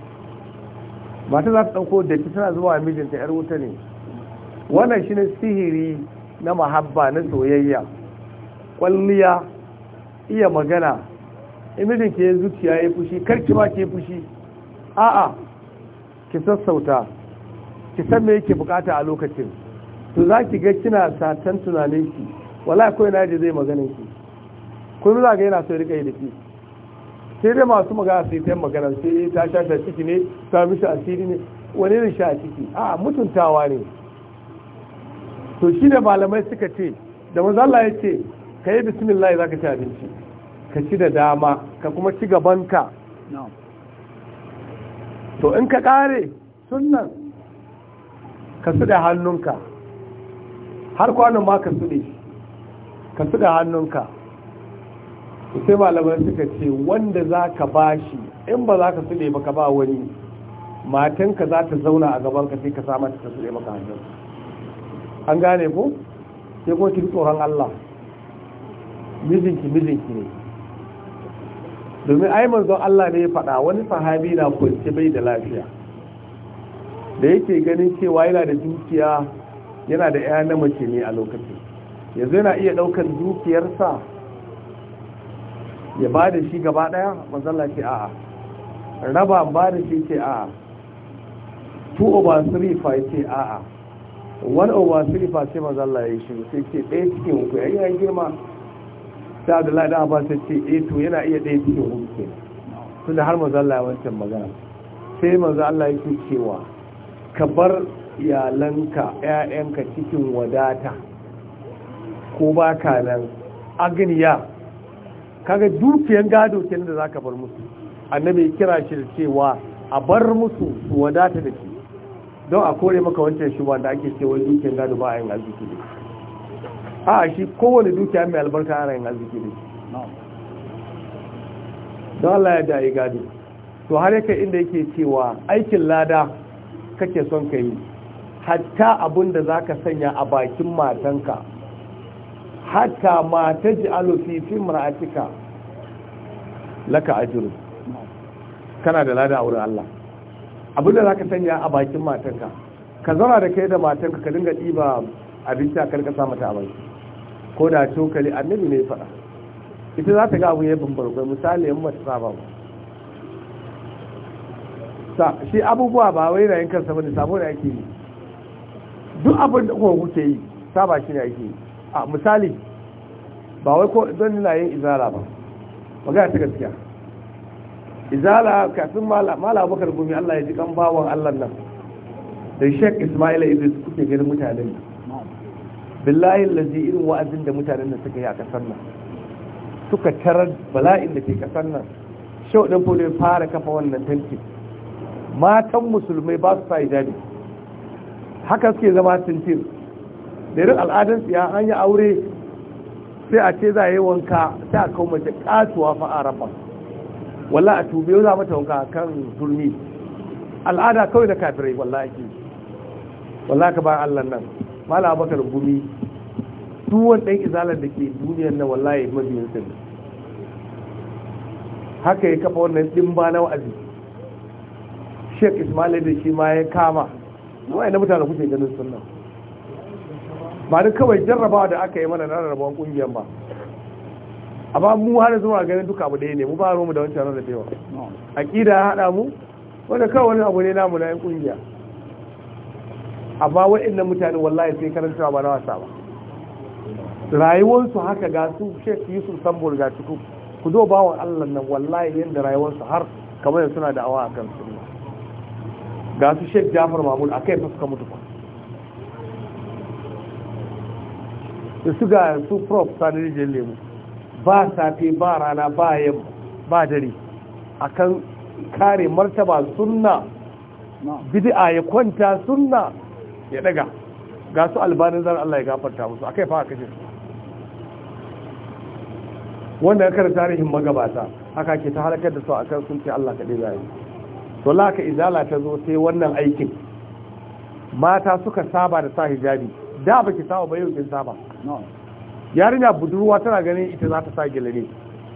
mata za ta dauko da tana zuwa mijinta yar wuta ne wannan shi ne sihiri na mahabba na soyayya kwalliya iya magana imijin ke zuciya ya fushi karki ba ke fushi a'a ki sassauta ki san me yake bukata a lokacin to za ki ga kina satan tunanin ki wallahi ko ina zai maganin ki kun za ga yana so rika yi da shi sai dai masu magana sai ta magana sai ta shafa ciki ne ta mishi asiri ne wani ne sha ciki a mutuntawa ne to shi da malamai suka ce da mazalla ya ce ka yi bismillah za ka ci abinci ka ci da dama ka kuma ci gaban ka. to in ka kare sunan ka su da hannunka har kwanan ma ka su ka su da hannunka sai malamai suka ce wanda za ka ba shi in ba za ka sule ba ka ba wani matanka za ta zauna a gaban ka sai ka sa ta sule maka hannun an gane ku sai kuma kin tsoron Allah mijinki mijinki ne domin ai manzon Allah ne ya faɗa wani sahabi na kwance bai da lafiya da yake ganin cewa yana da dukiya yana da 'ya mace ne a lokacin yanzu yana iya ɗaukar dukiyarsa ya ba da shi gaba daya matsala ce a raba ba da shi ce a 2 over 3 fa ce a a 1 over 3 fa ce matsala ya yi shi sai ce daya cikin hukun ya yi ya girma sai abdullahi da ba sai ce a eh to yana iya daya cikin hukun sun da har matsala ya wancan magana sai matsala ya yake cewa ka bar iyalanka 'ya'yanka cikin wadata ko baka nan agniya kaga dukiyan gado kenan da zaka bar musu annabi kira shi da cewa a bar musu su wadata da shi don a kore maka wancan shi da ake cewa dukiyan gado ba a yin arziki ne a shi kowane dukiya mai albarka ana yin arziki ne don Allah ya da yi gado to har yake inda yake cewa aikin lada kake son ka yi hatta abin da za ka sanya a bakin matanka hatta ma ta ji alufi fi mara'atika laka ajiru kana da lada a wurin Allah abinda za ka sanya a bakin matanka ka zauna da kai da matanka ka dinga ɗiba abinci a karka sa mata abinci ko da cokali annabi ne faɗa ita za ta ga abu ya bambar kai misali yan mata saba ba sa shi abubuwa ba wai rayin kansa bane sabo da ake yi duk abin da kuke yi saba shi ne ake yi a misali ba wai ko don nila yin izala ba ba magana ta gaskiya izala kafin mala bakar gumi allah ya ji kan bawon allah nan da shek ismaila idris kuke ganin mutanen billahi lalzi irin wa'azin da mutanen da suka yi a kasar nan suka tarar bala'in da ke kasar nan shau ɗan fulo fara kafa wannan tankin matan musulmai ba su sa hijabi haka suke zama tintir Dairin al'adansu ya an yi aure sai a ce za a yi wanka sai a kawo mace katuwa fa a rafa walla a tube za mata wanka kan turmi al'ada kawai da kafirai walla ake walla ka ba Allah nan mala abakar gumi Tuwon ɗan izalar da ke duniyar na walla mabiyin sun haka ya kafa wannan ɗimba na wa'azi sheik ismail da shi ma ya kama wa'ai na mutane kuke ganin sunan ba da kawai jarrabawa da aka yi mana na rarrabuwan kungiyar ba amma mu hada zuwa ganin duka abu ɗaya ne mu ba mu da wancan A aƙida ya haɗa mu wanda kawai wani abu ne namu na yan kungiya amma waɗannan mutane wallahi sai karanta ba na wasa ba rayuwarsu haka ga su shek yusuf sambol ga cikin ku zo wa allah nan wallahi yadda rayuwarsu har kamar suna da awa a kan su ga su shek jafar mamul a kai suka mutu ba da su ga su prof sani rijiyar lemu ba safe ba rana ba yamma ba dare akan kare martaba suna bidi'a ya kwanta suna ya daga ga su albanin zan Allah ya gafarta musu kai fa kashe su wanda kada tarihin magabata haka ke ta halakar da su akan sun ce Allah kaɗe zai to laka izala ta zo sai wannan aikin mata suka saba da sa hijabi da baki saba ba yau kin saba yarinya budurwa tana ganin ita za ta sa gilani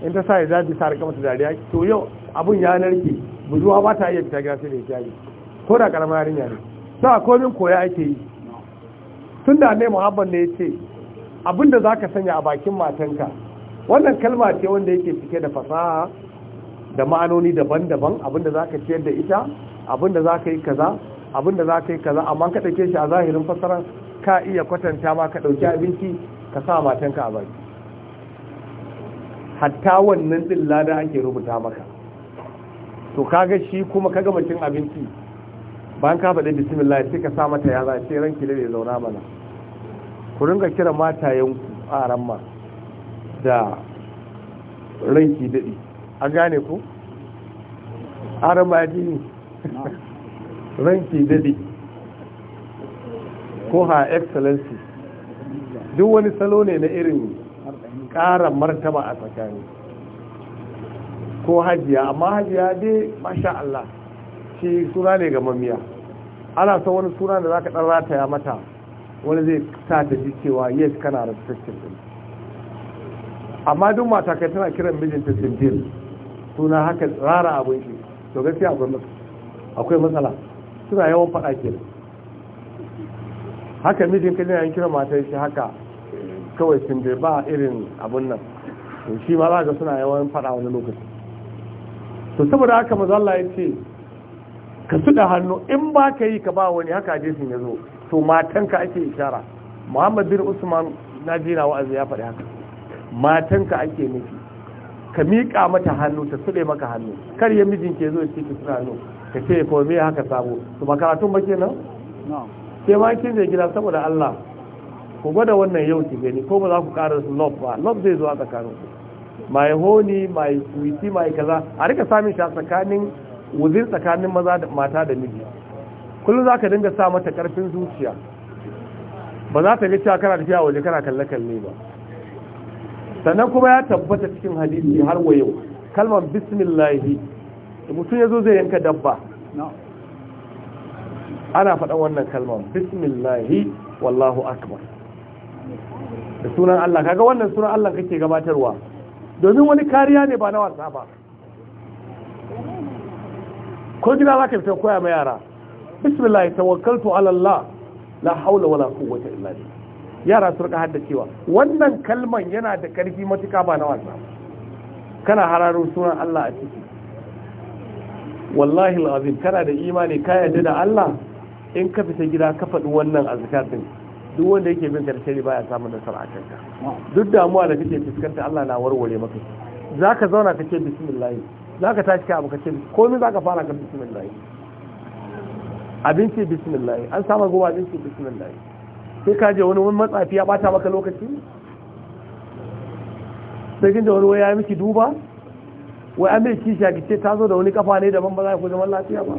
in ta sa ya zaji sa rika mata dariya to yau abin ya narke budurwa ba ta iya fita gida sai da yi. ko da karamar yarinya ne sa komin koya ake yi tun da annai muhammad ne ya ce abin da za ka sanya a bakin matanka wannan kalma ce wanda yake cike da fasaha da ma'anoni daban-daban abin da za ka ciyar da ita abin da za ka yi kaza abin za ka yi kaza amma ka ɗauke shi a zahirin fasara ka iya kwatanta ma ka ɗauki abinci ka sa matanka a baki hatta wannan ɗin lada ake rubuta maka to kaga shi kuma kaga mutum abinci bayan ka faɗi bismillah sai ka sa mata yaza sai ranki da ya zauna mana ku ringa kira matayen a ramma da ranki daɗi a gane ku a ramma ranki daɗi ko ha excellency duk wani salo ne na irin ƙara martaba a tsakani ko hajiya amma hajiya dai masha Allah shi suna ne ga mamiya ana son wani suna da za ka ɗan rataya mata wani zai sa ta ji cewa yes kana respected din amma duk mata kai tana kiran mijinta sindir suna haka rara abin shi to gaskiya akwai matsala suna yawan faɗa kenan haka mijin ka ne kira matar shi haka kawai sun bai ba irin abun nan to shi ma za ga suna yawan fada wani lokaci to saboda haka Allah ya ce ka suɗa hannu in ba ka yi ka ba wani haka je ya zo to matanka ake ishara muhammad bin usman na jina wa'azi ya faɗi haka matanka ake nufi ka miƙa mata hannu ta suɗe maka hannu kar ya mijin ke zo ya ce ki suna hannu ka ce ko me haka sabo to makaratun ba kenan na'am Sai ma kin je gida saboda Allah ku gwada wannan yau ki gani ko ba za ku ƙara love ba love zai zo a tsakanin ku mai honi mai suiti mai kaza a rika samun shi a tsakanin wuzin tsakanin maza da mata da miji kullum za ka dinga sa mata karfin zuciya ba za ka ga cewa kana tafiya waje kana kalle-kalle ba sannan kuma ya tabbata cikin hadisi har wa yau kalmar bismillahi mutum ya zo zai yanka dabba ana faɗan wannan kalmar bismillahi wallahu akbar da sunan Allah kaga wannan sunan Allah kake gabatarwa domin wani kariya ne ba na wasa ba ko gida za ka fita koya ma yara bismillahi tawakkaltu ala Allah la haula wala quwwata illa billah yara su rika haddacewa wannan kalman yana da karfi matuka ba na wasa kana hararo sunan Allah a ciki wallahi alazim kana da imani ka yarda da Allah in ka fita gida ka faɗi wannan a din duk wanda yake bin karshe baya samun nasara a kanka duk damuwa da kake fuskanta Allah na warware maka zaka zauna ka ce bismillah zaka tashi ka abu ka ce komai zaka fara ka bismillah abinci bismillah an samu goma abinci bismillah sai ka je wani wani matsafi ya bata maka lokaci sai kin da wani waya miki duba wai an bai kishi a kice ta zo da wani kafa ne daban ba za ku zaman lafiya ba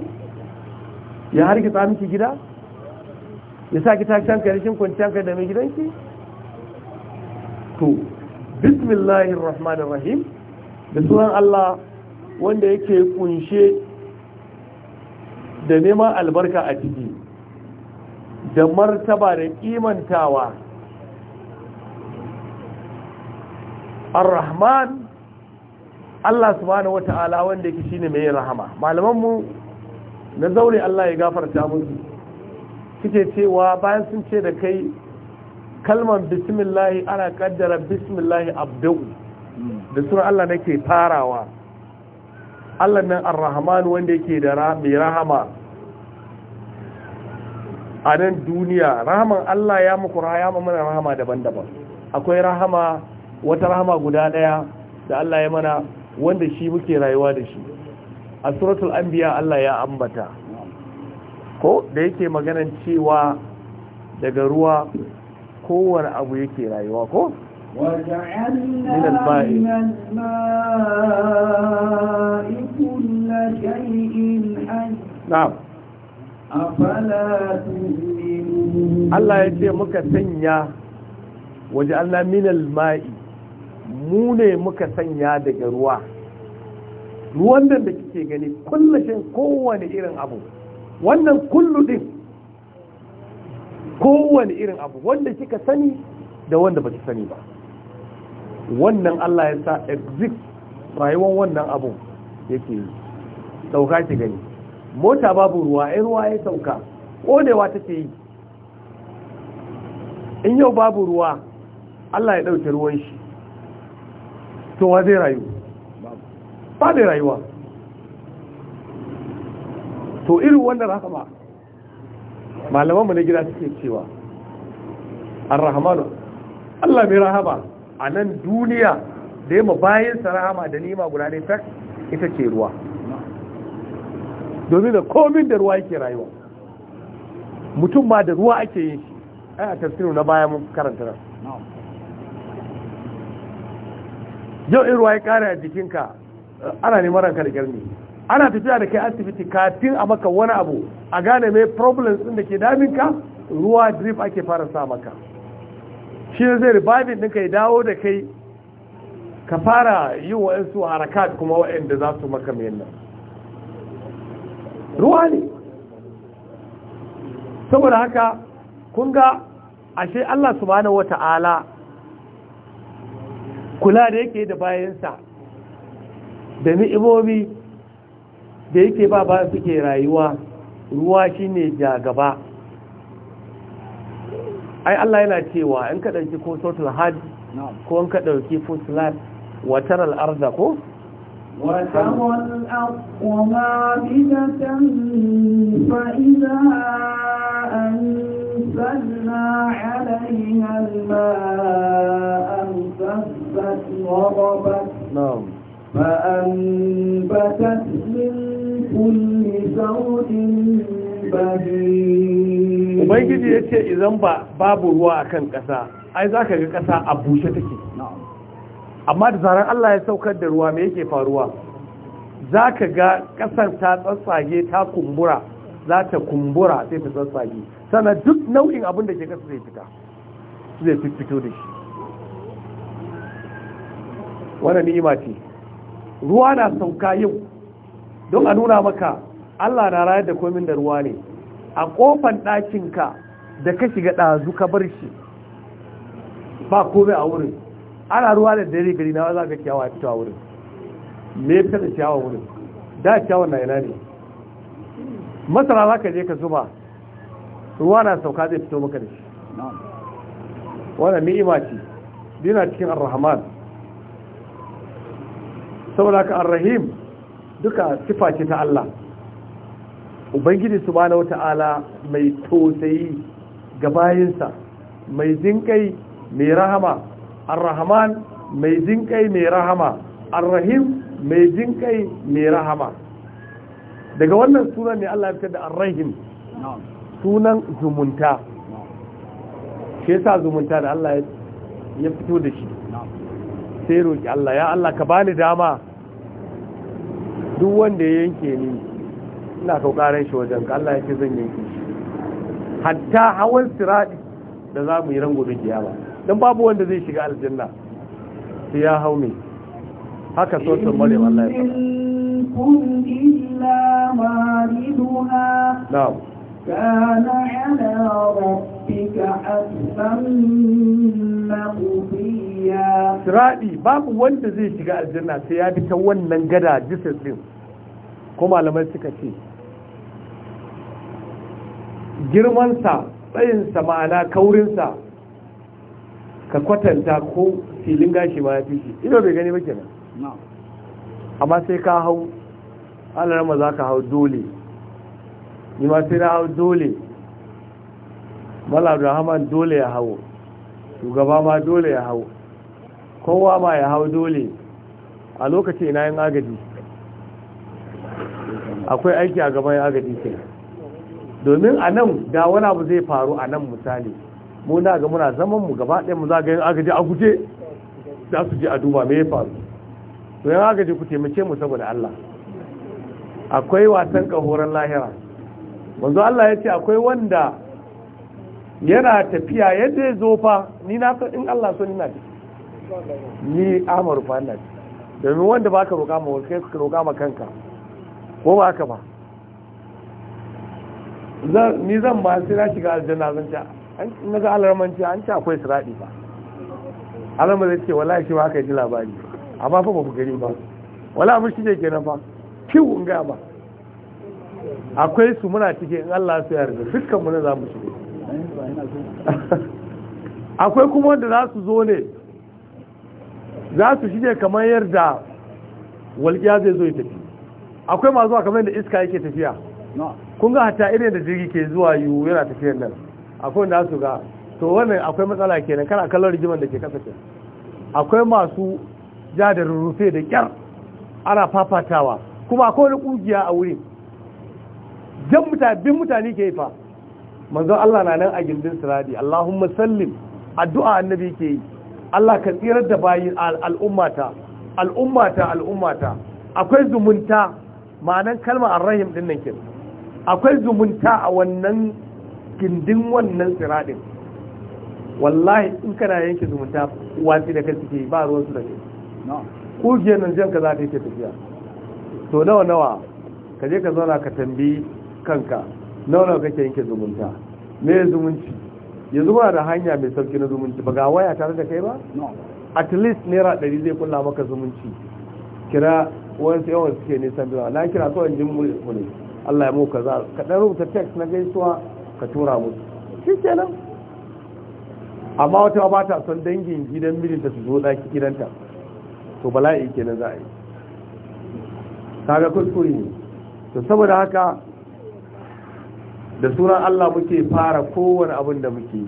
ya har tsami miki gida ya sa ki tashi hankali rashin da mai gidanki to bismillahir rahmanir rahim da sunan Allah wanda yake kunshe da neman albarka a ciki da martaba da ƙimantawa ar-rahman Allah subhanahu wata'ala wanda yake shine mai rahama malaman mu na zaure Allah ya gafarta musu suke cewa bayan sun ce da kai kalmar bismillahi ana kaddara bismillahi abdu da suna Allah nake farawa Allah nan ar wanda yake da rahmi rahama a nan duniya rahman Allah ya muku rahama mana rahama daban-daban akwai rahama wata rahama guda daya da Allah ya mana wanda shi muke rayuwa da shi a suratul anbiya Allah ya ambata ko da yake maganan cewa daga ruwa kowane abu yake rayuwa ko من الماء كل شيء حي نعم أفلا تؤمنون الله يتي mu ne muka sanya daga ruwa ruwan da kike gani kullashin kowane irin abu wannan kullu din kowane irin abu wanda kika sani da wanda baki sani ba wannan Allah ya sa exit rayuwar wannan abu yake yi sauka ki gani mota babu ruwa ai ruwa ya sauka kodewa take yi in yau babu ruwa Allah ya dauke ruwan shi to wa zai rayu ba da rayuwa to irin wannan ba, malamanmu na gida suke cewa arrahmanu Allah mai rahama a nan duniya da yi mabayinsa rahama da nima guda ne fek ita ke ruwa domin da komin da ruwa yake rayuwa mutum ma da ruwa ake yin shi a tafsirin na baya mun karanta nan yau in ruwa ya kare a jikinka ana neman ranka da garmi ana tafiya da kai asibiti kafin a maka wani abu a gane mai problems din da ke daminka ruwa drip ake fara sa maka shi ne zai reviving ɗinka ya dawo da kai ka fara yi wa'insu harakat kuma wa'inda za su maka mai nan ruwa ne saboda haka kun ga ashe Allah subhanahu wata'ala kula da yake da bayansa da ni'imomi da yake ba ba suke rayuwa ruwa shine jagaba ai Allah yana cewa in ka dauki ko sautul hajj ko in ka ɗauki fusilat wa taral arda ko وترى الأرض معبدة فإذا أنزلنا عليها الماء امتزت وربت نعم فأنبتت من كل زوج بهيم Ubangiji ya ce idan ba babu ruwa a kan ƙasa, ai za ka ga ƙasa a bushe take. Amma da zarar Allah ya saukar da ruwa mai yake faruwa, za ka ga ƙasar ta tsatsage ta kumbura, za ta kumbura sai ta tsatsage. Sana duk nau'in abin da ke ƙasa zai fita, zai fito da shi. Wannan ni'ima ce. ruwa na sauka yau don a nuna maka Allah na rayar da komin da ruwa ne a kofan ɗakinka da ka shiga ɗazu ka bar shi ba komai a wurin ana ruwa da dare gari na za ka kyawa ya fito a wurin me ya fita da wurin da ciyawan na yana ne masara za ka je ka zuba ruwa na sauka zai fito maka da shi wannan ni'ima ce dina cikin ar-rahman saboda ka arrahim duka sifa ce ta Allah ubangiji subhanahu wata'ala mai tosayi ga bayinsa mai jinkai mai rahama arrahman mai jinkai mai rahama arrahim mai jinkai mai rahama daga wannan sunan ne Allah ya fitar da arrahim sunan zumunta Ke sa zumunta da Allah ya fito da shi sai roki Allah ya Allah ka bani dama duk wanda ya yanke ni ina kaukaran shi wajen ka Allah ya ce zan yanke shi hatta hawan siradi da za mu yi rango da kiyama don babu wanda zai shiga aljanna sai ya hau mai haka so sun mare wallahi na'am كان على ربك حتما مقضيا siradi babu wanda zai shiga aljanna sai ya bi ta wannan gada jisir din ko malamai suka ce girmansa tsayinsa ma'ana kaurinsa ka kwatanta ko filin gashi ma ya fi shi ido bai gani ba kenan amma sai ka hau alarama za ka hau dole ni ma sai na hau dole malam rahman dole ya hau shugaba ma dole ya hau kowa ma ya hau dole a lokaci ina yin agaji akwai aiki a gaban agaji ke domin a nan da wani abu zai faru a nan misali muna ga muna zaman mu gaba ɗaya mu za ga yin agaji a guje za su je a duba me faru to yin agaji ku taimake mu saboda Allah akwai wasan kahoran lahira manzo Allah ya ce akwai wanda yana tafiya yadda ya zo fa ni na in Allah so ni na ce ni amur fa Allah ce domin wanda ka roƙa ma wasu kai ka roƙa ma kanka ko ba ka ba ni zan ba sai na shiga aljanna zan ce an na ga alarmanci an ce akwai siraɗi ba alamma zai ce wala shi ba haka ji labari amma fa ba ku gari ba wala mun ne kenan fa kiwu in gaya ba akwai su muna cike in Allah su yarda dukkan mu ne za mu shigo akwai kuma wanda za su zo ne za su shige kamar yarda walƙiya zai zo ya tafi akwai masu zuwa kamar yadda iska yake tafiya kun ga hata irin da jirgi ke zuwa yiwu yana tafiyar nan akwai wanda su ga to wannan akwai matsala kenan kana kallon rigiman da ke kasa akwai masu ja da rurrufe da kyar ana fafatawa kuma akwai wani kungiya a wurin jan mutane mutane ke fa manzo Allah na nan a gindin siradi Allahumma sallim addu'a annabi ke yi Allah ka tsirar da bayi al'ummata al'ummata al'ummata akwai zumunta ma'anan kalmar arrahim din nan ke. akwai zumunta a wannan gindin wannan siradin wallahi in kana yanke zumunta watsi da kai suke ba ruwan su da kai kugiyar nan jan ka za ta yi tafiya to nawa nawa ka je ka zauna ka tambayi kanka nawa kake yanke zumunta me zumunci yanzu zuwa da hanya mai sauki na zumunci ba ga waya tare da kai ba at least naira ɗari zai kulla maka zumunci kira wasu yawan suke nisan biyu na kira kawai jin mu ne Allah ya muka za ka ɗan rubuta text na gaisuwa ka tura musu shi kenan amma wata ba ta son dangin gidan ta su zo ɗaki gidanta to bala'i kenan za a yi kaga kuskure ne to saboda haka da sunan Allah muke fara kowane abin da muke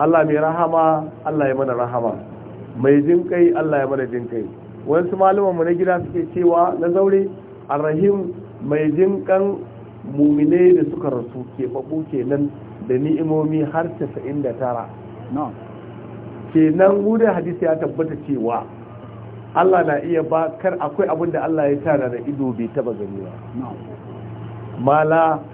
Allah mai rahama Allah ya mana rahama mai jin kai Allah ya mana jin kai wasu malumanmu na gida suke cewa na zaure arrahim mai jin kan mumine da suka rasu ke babu nan da ni'imomi har da 99 nan wurin hadisi ya tabbata cewa Allah na iya ba kar akwai abin da Allah ya tara da ido bai taba gani ba mala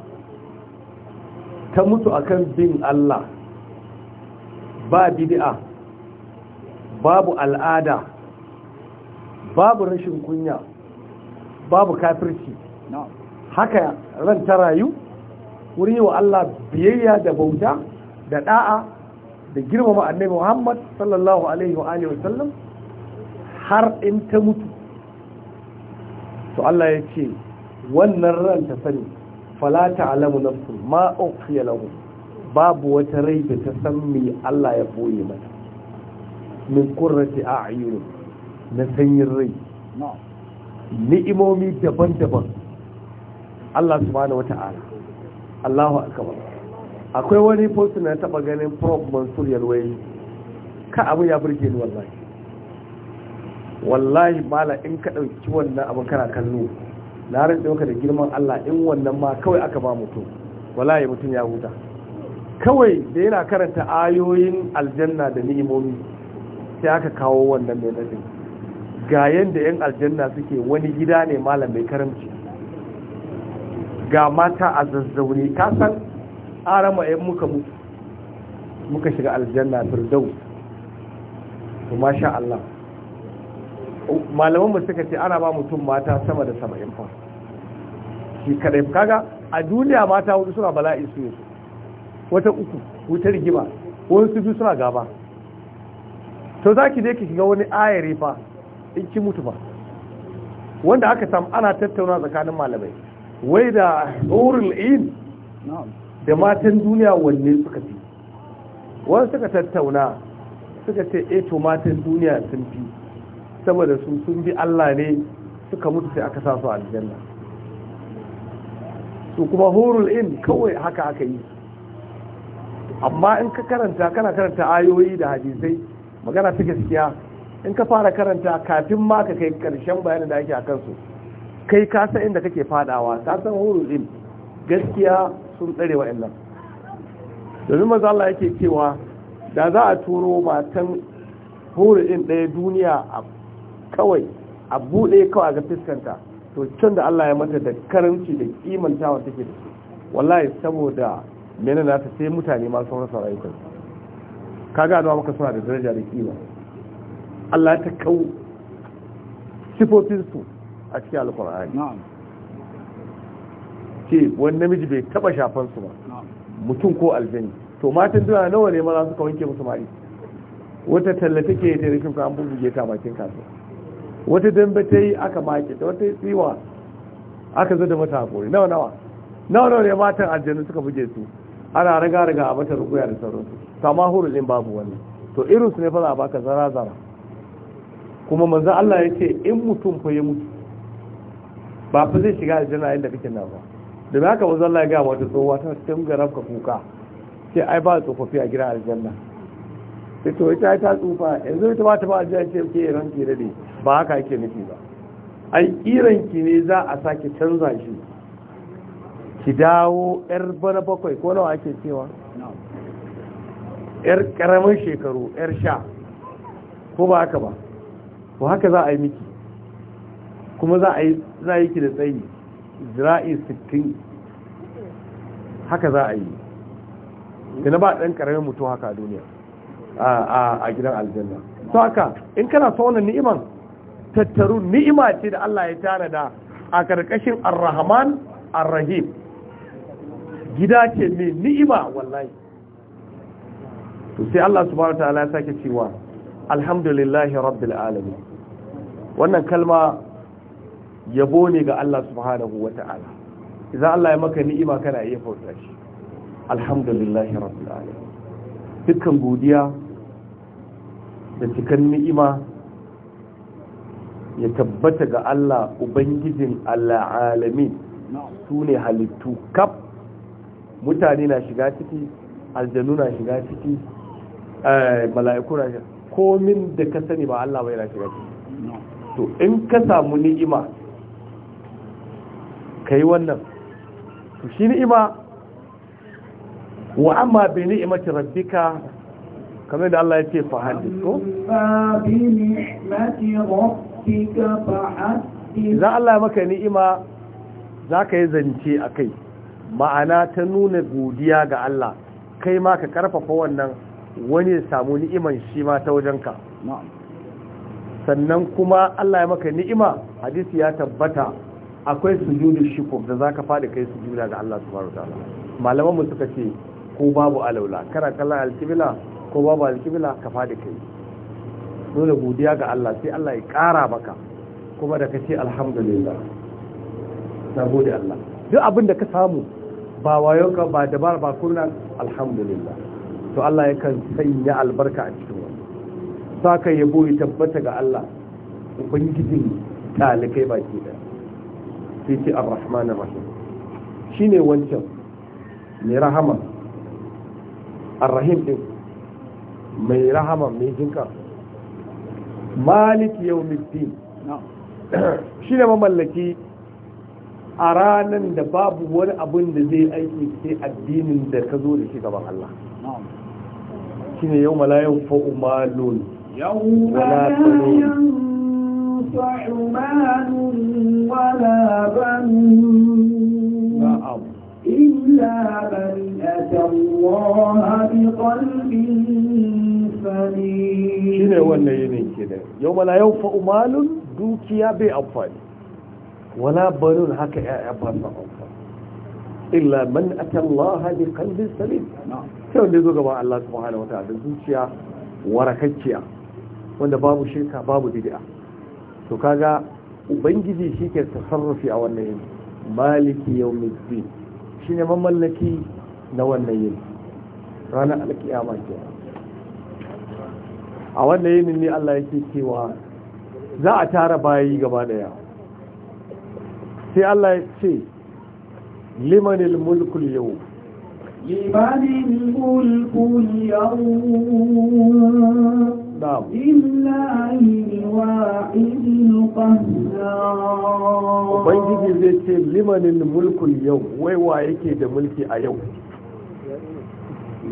ta mutu akan bin Allah ba bid'a babu al'ada babu rashin kunya babu kafirci haka ran ta rayu wuri wa Allah biyayya da bauta da da'a da girmama annabi Muhammad sallallahu alaihi wa sallam har in ta mutu to Allah ya ce wannan ran ta sani fala na nafsun ma ukhfiya lahu babu wata rai da ta san me Allah ya boye mata min qurrati a'yun na sanyin rai ni'imomi daban-daban Allah subhanahu wata'ala Allahu akbar akwai wani post na taba ganin prof Mansur Yalwai? ka abu ya burge ni wallahi wallahi mala in ka dauki wannan abu kana kallo na rantsa maka da girman Allah in wannan ma kawai aka ba mutum wallahi mutum ya huta kawai da yana karanta ayoyin aljanna da ni'imomi sai aka kawo wannan mai nadi ga yanda yan aljanna suke wani gida ne malam mai karamci ga mata a zazzaune ka san arama yan muka muka shiga aljanna firdaus to masha Allah malamanmu suka ce ana ba mutum mata sama da saba'in fa shi kadai kaga a duniya mata hudu suna bala'i su yanzu wata uku wutar rigima wani su fi suna gaba to za ki je ki shiga wani ayare fa in ki mutu ba wanda aka samu ana tattauna tsakanin malamai wai da tsorin in da matan duniya wanne suka fi wani suka tattauna suka ce eto eh matan duniya sun fi saboda su sun bi Allah ne suka mutu sai aka sa su aljanna su kuma hurul in kawai haka aka yi amma in ka karanta kana karanta ayoyi da hadisai magana ta gaskiya in ka fara karanta kafin ma ka kai karshen bayanin da ake akan su. kai ka san inda kake fadawa ka san hurul in gaskiya sun tsare wa'annan domin maza Allah yake cewa da za a turo matan hurul in ɗaya duniya a kawai a buɗe kawai ga fiskanta to can da Allah ya mata da karamci da kimantawa take da su wallahi saboda mena nata sai mutane ma sun rasa rayukan kaga da maka suna da daraja da kima Allah ta sifofin sifofinsu a cikin alkur'ani ce wani namiji bai taba shafan su ba mutum ko aljani to matan duna nawa ne maza suka wanke musu mari wata tallata ke ta rikin ka an bubuge ta bakin kasuwa wata dambe ta yi aka make ta wata tsiwa aka zo da mata hakuri nawa nawa nawa nawa ne matan aljanu suka buge su ana raga raga a mata rukuya da sauransu kama hurulin babu wani to irinsu ne fara a baka zara zara kuma manzan Allah ya ce in mutum fa ya mutu ba fi zai shiga a inda kake nan ba domin haka manzan Allah ya ga wata tsohuwa ta tamgara ka kuka sai ai ba tsofaffi a gidan aljanna fito to ita ta tsufa yanzu ita ba ta ba ajiyar ce ke ran ki dade ba haka ake nufi ba ai kiran ki ne za a sake canza shi ki dawo yar bana bakwai ko nawa ake cewa yar karamin shekaru yar sha ko ba haka ba ko haka za a yi miki kuma za a yi za yi ki da tsayi zira'i 60 haka za a yi da ba ɗan ƙaramin mutum haka a duniya a gidan aljanna to haka in kana so wannan ni'iman tattaru ni'ima ce da Allah ya tanada a karkashin ar-rahman ar-rahim gida ce mai ni'ima wallahi to sai Allah subhanahu wataala ya sake cewa alhamdulillahi rabbil alamin wannan kalma yabo ne ga Allah subhanahu wataala idan Allah ya maka ni'ima kana iya fauta shi alhamdulillahi rabbil alamin dukkan godiya da cikin ni'ima ya tabbata ga Allah Ubangijin Allah alami su ne halittu kaf mutane na shiga ciki aljanu na shiga ciki eh, mala'iku na shiga komin da ka sani ba Allah bai na shiga ciki to in ka samu ni'ima ka yi wannan to shi ni'ima wa amma bi Rabbi ka. kamar da Allah ya ce fa ko za Allah maka ni'ima za ka yi zance a kai ma'ana ta nuna godiya ga Allah kai ma ka karfafa wannan wani samu ni'iman shi ma ta ka sannan kuma Allah ya maka ni'ima hadisi ya tabbata akwai sujudu shukr da za ka faɗi kai sujuda ga Allah faru da malaman malamanmu suka ce ko babu alaula kana kallon alkibla ko babu alkibla ka fadi kai dole godiya ga Allah sai Allah ya kara maka kuma da kace alhamdulillah na gode Allah duk abin da ka samu ba ka ba dabar ba kurna alhamdulillah to Allah ya kan sanya albarka a cikin wannan saka yabo ya tabbata ga Allah ubangijin talikai baki da sai ce arrahman arrahim shine wancan mai rahama arrahim rahim din mai rahama mai jinka malik yau mitin *clears throat* shi ne mamallaki a ranar da babu wani abin da zai aiki sai addinin da ka zo da shi gaban Allah shi ne yau malayan malon yau malayan فعمان ولا بنون إلا من أتى الله بقلب سليم شنو هو اللي يوم لا ينفع مال دوكيا بأنفاني ولا بنون هكا أبان إلا من أتى الله بقلب سليم sai wanda zo gaban Allah subhanahu wataala da wanda babu shirka babu bid'a to kaga ubangiji shi ke tasarrufi a wannan yin maliki yawmiddin shi ne mamallaki na wannan yin ranar alkiyama ke a wannan yin ne Allah yake cewa za a tara bayi gaba daya sai Allah ya ce limanil mulkul yau limanil mulkul yau نعم لله ubangiji zai ce limanin mulkul yau wai wa yake da mulki a yau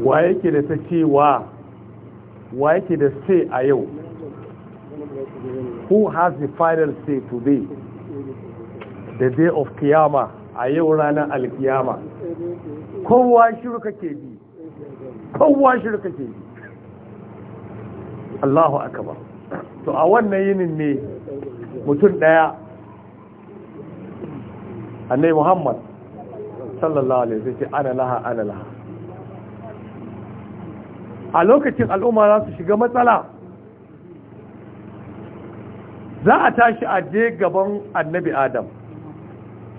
wa yake da ta cewa wa yake da say a yau who has the final say today the day of kiyama a yau ranar alkiyama kowa shirka ke bi kowa shirka ke bi Allahu ba to a wannan yinin ne mutum daya annai Muhammad sallallahu alaihi wasallam ana laha ana laha a lokacin al'umma za su shiga matsala za a tashi a je gaban annabi Adam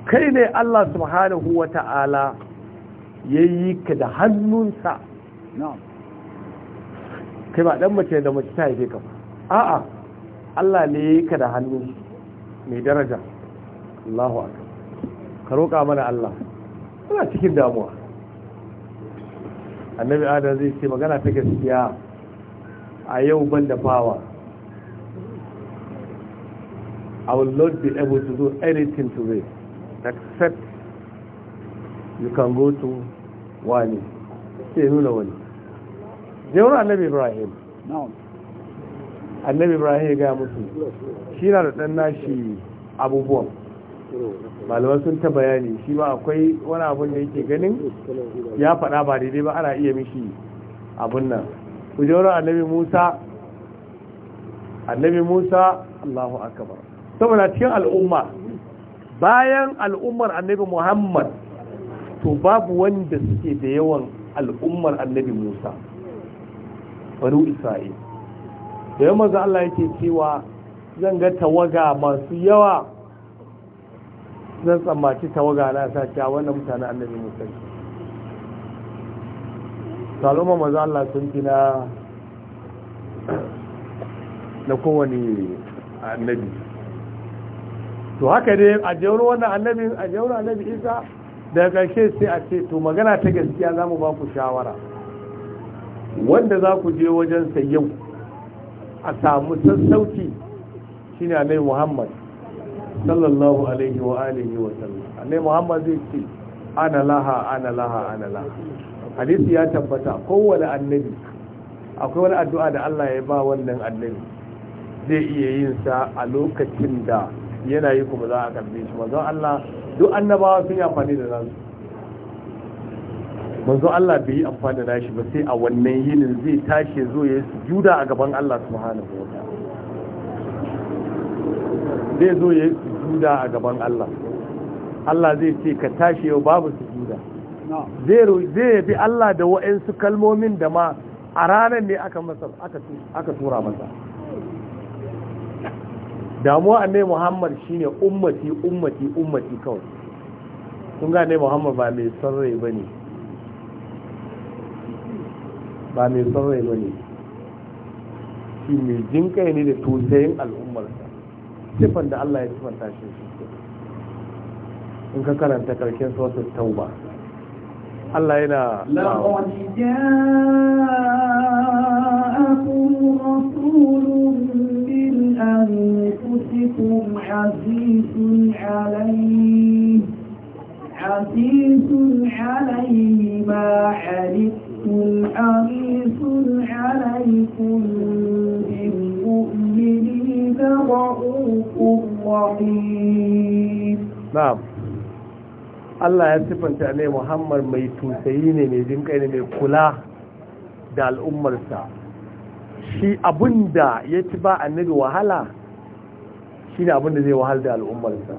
kai ne Allah subhanahu wa ta'ala ya yi ka da hannunsa kai ba dan mace da mace ta haife ka a'a Allah ne ya ka da hannu mai daraja Allahu akbar ka roƙa mana Allah muna cikin damuwa annabi adam zai ce magana ta gaskiya a yau ban da fawa I will not be able to do anything today except you can go to wani sai nuna wani je wani annabi ibrahim annabi ibrahim ya gaya musu shi na da ɗan nashi abubuwan malaman sun ta bayani shi ba akwai wani abun da yake ganin ya faɗa ba daidai ba ana iya mishi abun nan ku je wani annabi musa annabi musa allahu akbar saboda cikin al'umma bayan al'ummar annabi muhammad to babu wanda suke da yawan al'ummar annabi musa banu isra'il da yamma za Allah yake cewa zan ga tawaga masu yawa zan tsammaci tawaga na sa cewa wannan mutane annabi musa saloma maza Allah sun kina na na kowane annabi to haka dai a jawar wannan annabi a jawar annabi isa daga ƙarshe sai a ce to magana ta gaskiya za mu ba ku shawara wanda za ku je wajen yau a samu sassauci shine annabi Muhammad sallallahu alaihi wa alihi wa sallam annabi Muhammad zai ce ana laha ana laha ana laha hadisi ya tabbata kowane annabi akwai wani addu'a da Allah ya ba wannan annabi zai iya yin sa a lokacin da yana yi kuma za a karbe shi manzon Allah duk annabawa sun yi amfani da nasu manzo Allah bai yi amfani da shi ba sai a wannan yinin zai tashi zo ya juda a gaban Allah subhanahu wa ta'ala zai zo ya juda a gaban Allah Allah zai ce ka tashi yau babu sujuda zai zai bi Allah da wa'ansu kalmomin da ma a ranar ne aka masa aka tura masa damuwa annai Muhammad shine ummati ummati ummati kawai kun ga ne Muhammad ba mai son rai bane ba mai son rai ba ne shi mai jin kai ne da tosayin al'ummarsa sifan da Allah ya sifanta shi in ka karanta karshen sosai tauba Allah yana laqad ja'akum rasulun عزيز عليه ما حرصتم قل Allah ya siffanta ne Muhammad mai tusayi ne mai jinkai ne mai kula da al'ummarsa shi da ya ci ba annabi wahala shi ne abin da zai wahal da al'ummarsa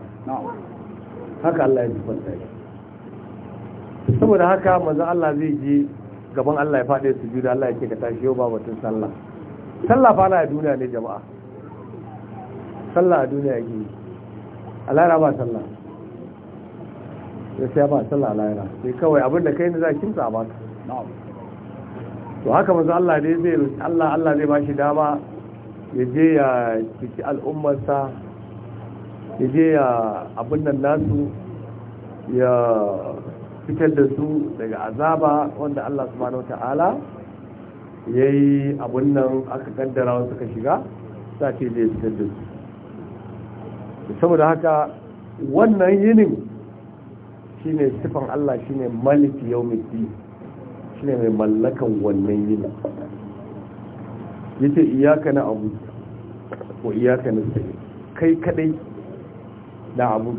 haka Allah ya siffanta ne saboda haka maza Allah zai je gaban Allah ya faɗe su juda Allah ya ce ka tashi yau ba batun sallah sallah fa a duniya ne jama'a sallah a duniya yake yi a lara ba sallah sai ba sallah a lara sai kawai abin da kai ne za a kimsa ba ka to haka mazu Allah ne zai Allah Allah zai ba shi dama ya je ya ciki al'ummarsa ya je ya abin nan nasu ya fitar da su daga azaba wanda Allah subhanahu ta'ala ya yi abun nan aka kaddara wasu ka shiga ce zai fitar da su saboda haka wannan yinin ne sifan Allah ne maliki shi ne mai mallakan wannan yinin yace iyaka na abu ko iyaka na sai kai kadai na abu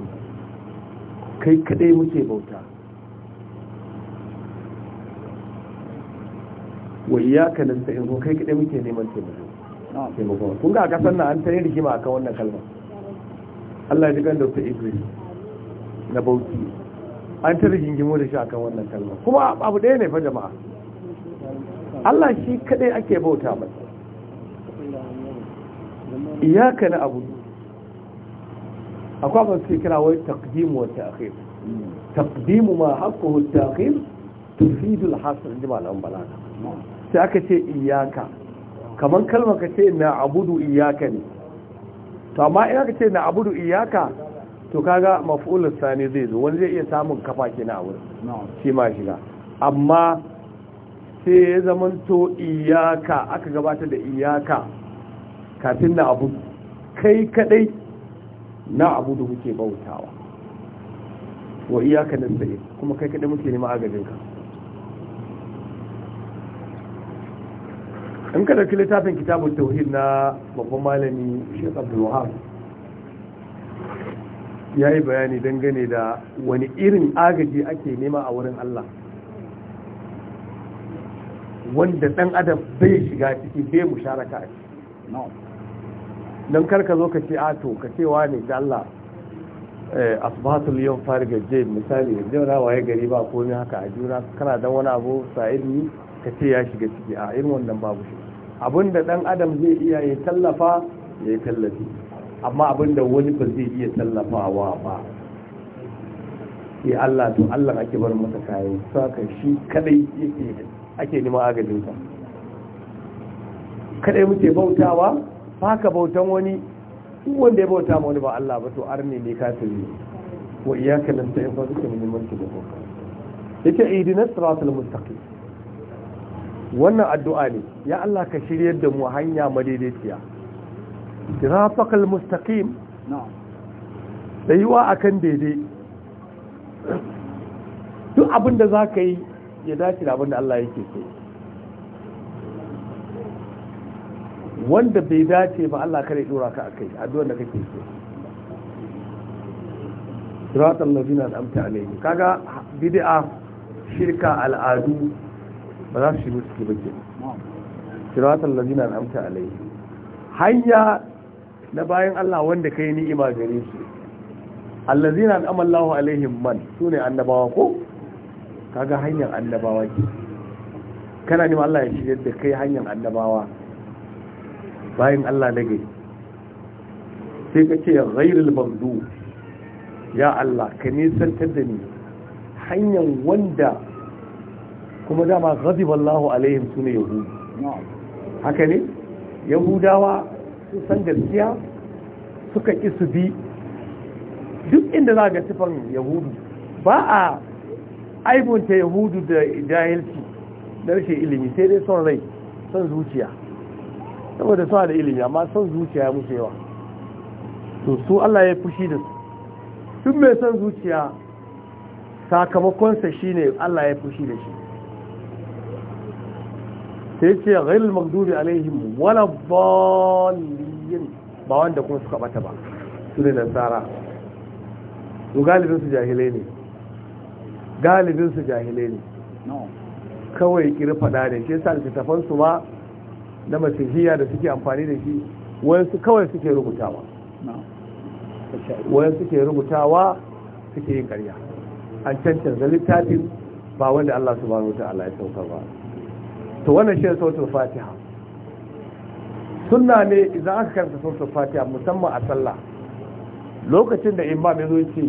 kai kadai muke bauta wa nan nasta'in ko kai kaɗai muke neman taimako taimako kun ga kasan nan an tare rigima akan wannan kalma Allah ya jikan Dr. Idris na Bauchi an tare gingimo da shi akan wannan kalma kuma abu ɗaya ne fa jama'a Allah shi kaɗai ake bauta masa iyaka na abu akwai abin suke kira wai taqdimu wa ta'khir taqdimu ma haqquhu at-ta'khir tufidu al-hasr jama'a balaga sai aka ce iyaka kamar kalmar ka ce na abudu iyaka ne to amma in aka ce na abudu iyaka to kaga maf'ulus sani zai zo wani zai iya samun kafa kina a wurin shi ma shiga amma sai ya zamanto iyaka aka gabata da iyaka kafin na abudu kai kadai na abudu muke kuke bautawa wa iyaka nan kuma kai kadai muke neman agajinka in ka dauki littafin kitabun tauhid na babban malami Sheikh abdulwahab ya yi bayani dangane da wani irin agaji ake nema a wurin Allah wanda dan adam bai shiga ciki bai musharaka a don karka zo ka ce ato ka ce wa ne da Allah eh, asibatul yau fari gaje misali yanzu na waye gari ba komai haka a juna kana don wani abu sa'ili ka ce ya shiga ciki a irin wannan babu shi abinda dan adam zai iya ya tallafa ya tallafi amma abinda wani ba zai iya tallafawa ba sai Allah to Allah ake bar masa kayan saka shi kadai yake ake neman agajin sa kadai muke bautawa ba ka bautan wani wanda ya bauta ma wani ba Allah ba to arne ne kafiri wa iyyaka nasta'in fa zikra min al-mulk yake idinas siratal mustaqim wannan addu'a ne ya Allah ka shirya da mu hanya madaidaiciya fakal mustaqim da a akan daidai duk abin da za ka yi ya dace da abin da Allah yake ke. wanda bai dace ba Allah kare dora ka a kai, addu'ar da kake so siratal ladina an'amta alaihim kaga bid'a shirka al'adu ba za su shigo ciki ba ke siratan lazina al'amta alai hanya na bayan Allah wanda ka yi ni'ima gare su allazina al'amallahu alaihim man su ne annabawa ko kaga hanyar annabawa ke kana neman Allah ya yadda da kai hanyar annabawa bayan Allah na gai sai ka ce ghairul mamdu ya Allah ka nisantar da ni hanyar wanda kuma dama Allahu alaihim sune yahudu haka ne yahudawa su san gaskiya suka ki su bi duk inda za ga sifan yahudu ba a aibunta yahudu da jahilci da rashin ilimi sai dai son rai son zuciya saboda suna da ilimi amma son zuciya ya musu yawa to su Allah ya fushi da su tun mai son zuciya sakamakonsa shine Allah ya fushi da shi sai ce ghairul maghdubi alaihim wala dhallin ba wanda kuma suka bata ba su ne nasara to galibin su jahilai ne galibin su jahilai ne kawai kiri fada ne shi sa littattafan su ba na masihiya da suke amfani da shi su kawai suke rubutawa wayansu suke rubutawa suke yin karya an cancanta littafin ba wanda Allah subhanahu wuta Allah ya saukar ba to wannan shi ne sautin fatiha sunna ne idan aka karanta sautin fatiha musamman a sallah lokacin da imam ya zo ce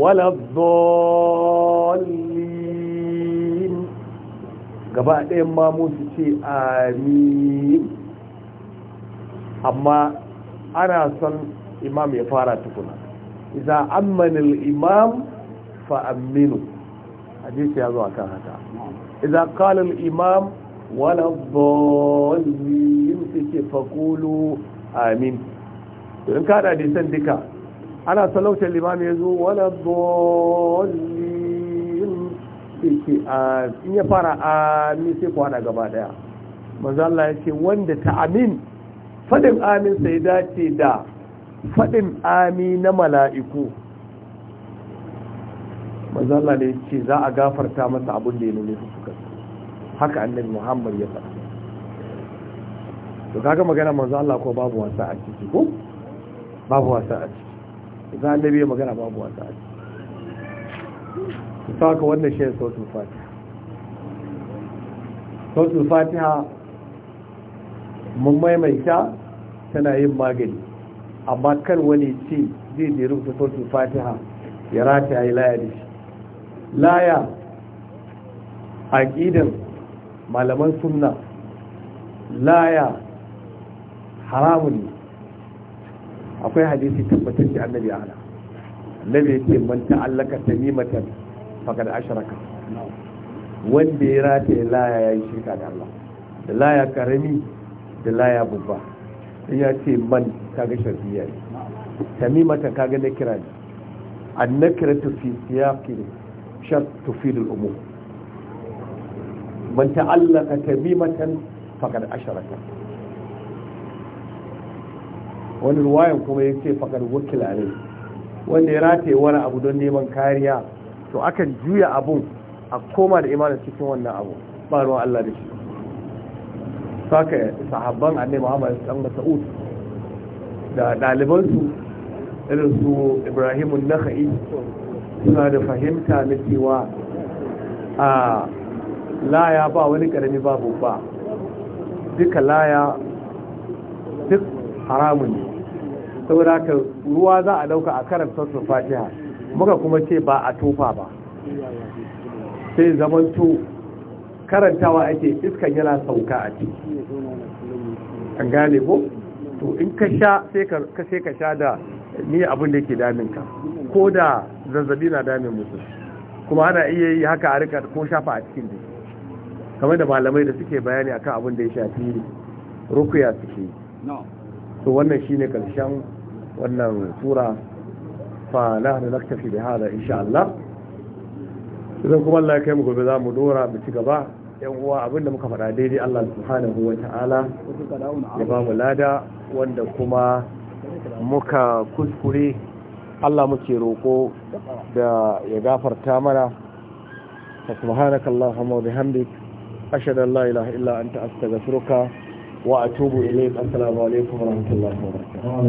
wala dhallin gaba ɗayan mamu su ce amin amma ana son imam ya fara tukuna idan ammanil imam fa aminu hadisi ya zo akan haka idan qala imam ولا الضالين sai faqulu amin to in ka da hadisan duka ana salautar limami yazo wala dhalin sai a in ya fara amin sai ku gaba daya manzo wanda ta amin fadin amin sai dace da fadin amin na mala'iku ne yace za a gafarta masa abin da ya nuna. haka annabi muhammad ya faɗa to kaga magana manzo Allah ko babu wasa a ciki ko babu wasa a ciki idan annabi ya magana babu wasa a ciki saka wannan shi sautul fatiha sautul fatiha mun maimaita tana yin magani amma kan wani ce zai je rubuta sautul fatiha ya rata ya yi laya da shi laya aqidan malaman sunna laya haramun akwai hadisi tabbatar da annabi ala annabi ya ce man ta'allaka tamimatan faqad ashraka wanda ya rata ya laya yayi shirka da Allah da laya karami da laya babba ya ce man kaga sharfiya ne tamimatan kaga na kira ne annakiratu fi siyaqi shart al-umur Banta Allah ka man ta'allaka tamimatan faqad asharaka wani ruwayan kuma ya faqad wukila ne wanda ya rataye abu don neman kariya to akan juya abun a koma da imanin cikin wannan abu ba ruwan Allah da shi saka sahabban annabi Muhammad sallallahu alaihi wasallam da ɗalibansu irin su Ibrahim an-Nakhai suna da fahimta na cewa a laya ba wani karami babu ba duka laya duk haramun ne saboda ka ruwa za a dauka a karanta sassan fatiha muka kuma ce ba a tofa ba sai zamanto karantawa ake iskan yana sauka a ce an gane ko to in ka sha sai ka sha da ni abin da yake daminka ko da zazzabi na damin mutum kuma ana iya yi haka a rika ko shafa a cikin jiki kamar da malamai da suke bayani akan abin da ya shafi rukuya suke to wannan shine karshen wannan sura fa na naktafi da hada insha Allah idan kuma Allah ya kai mu gobe za mu dora mu ci gaba yan uwa abin da muka faɗa daidai Allah subhanahu wa ta'ala ya ba mu lada wanda kuma muka kuskure Allah muke roko da ya gafarta mana subhanakallahumma wa bihamdika أشهد أن لا إله إلا أنت أستغفرك وأتوب إليك السلام عليكم ورحمة الله وبركاته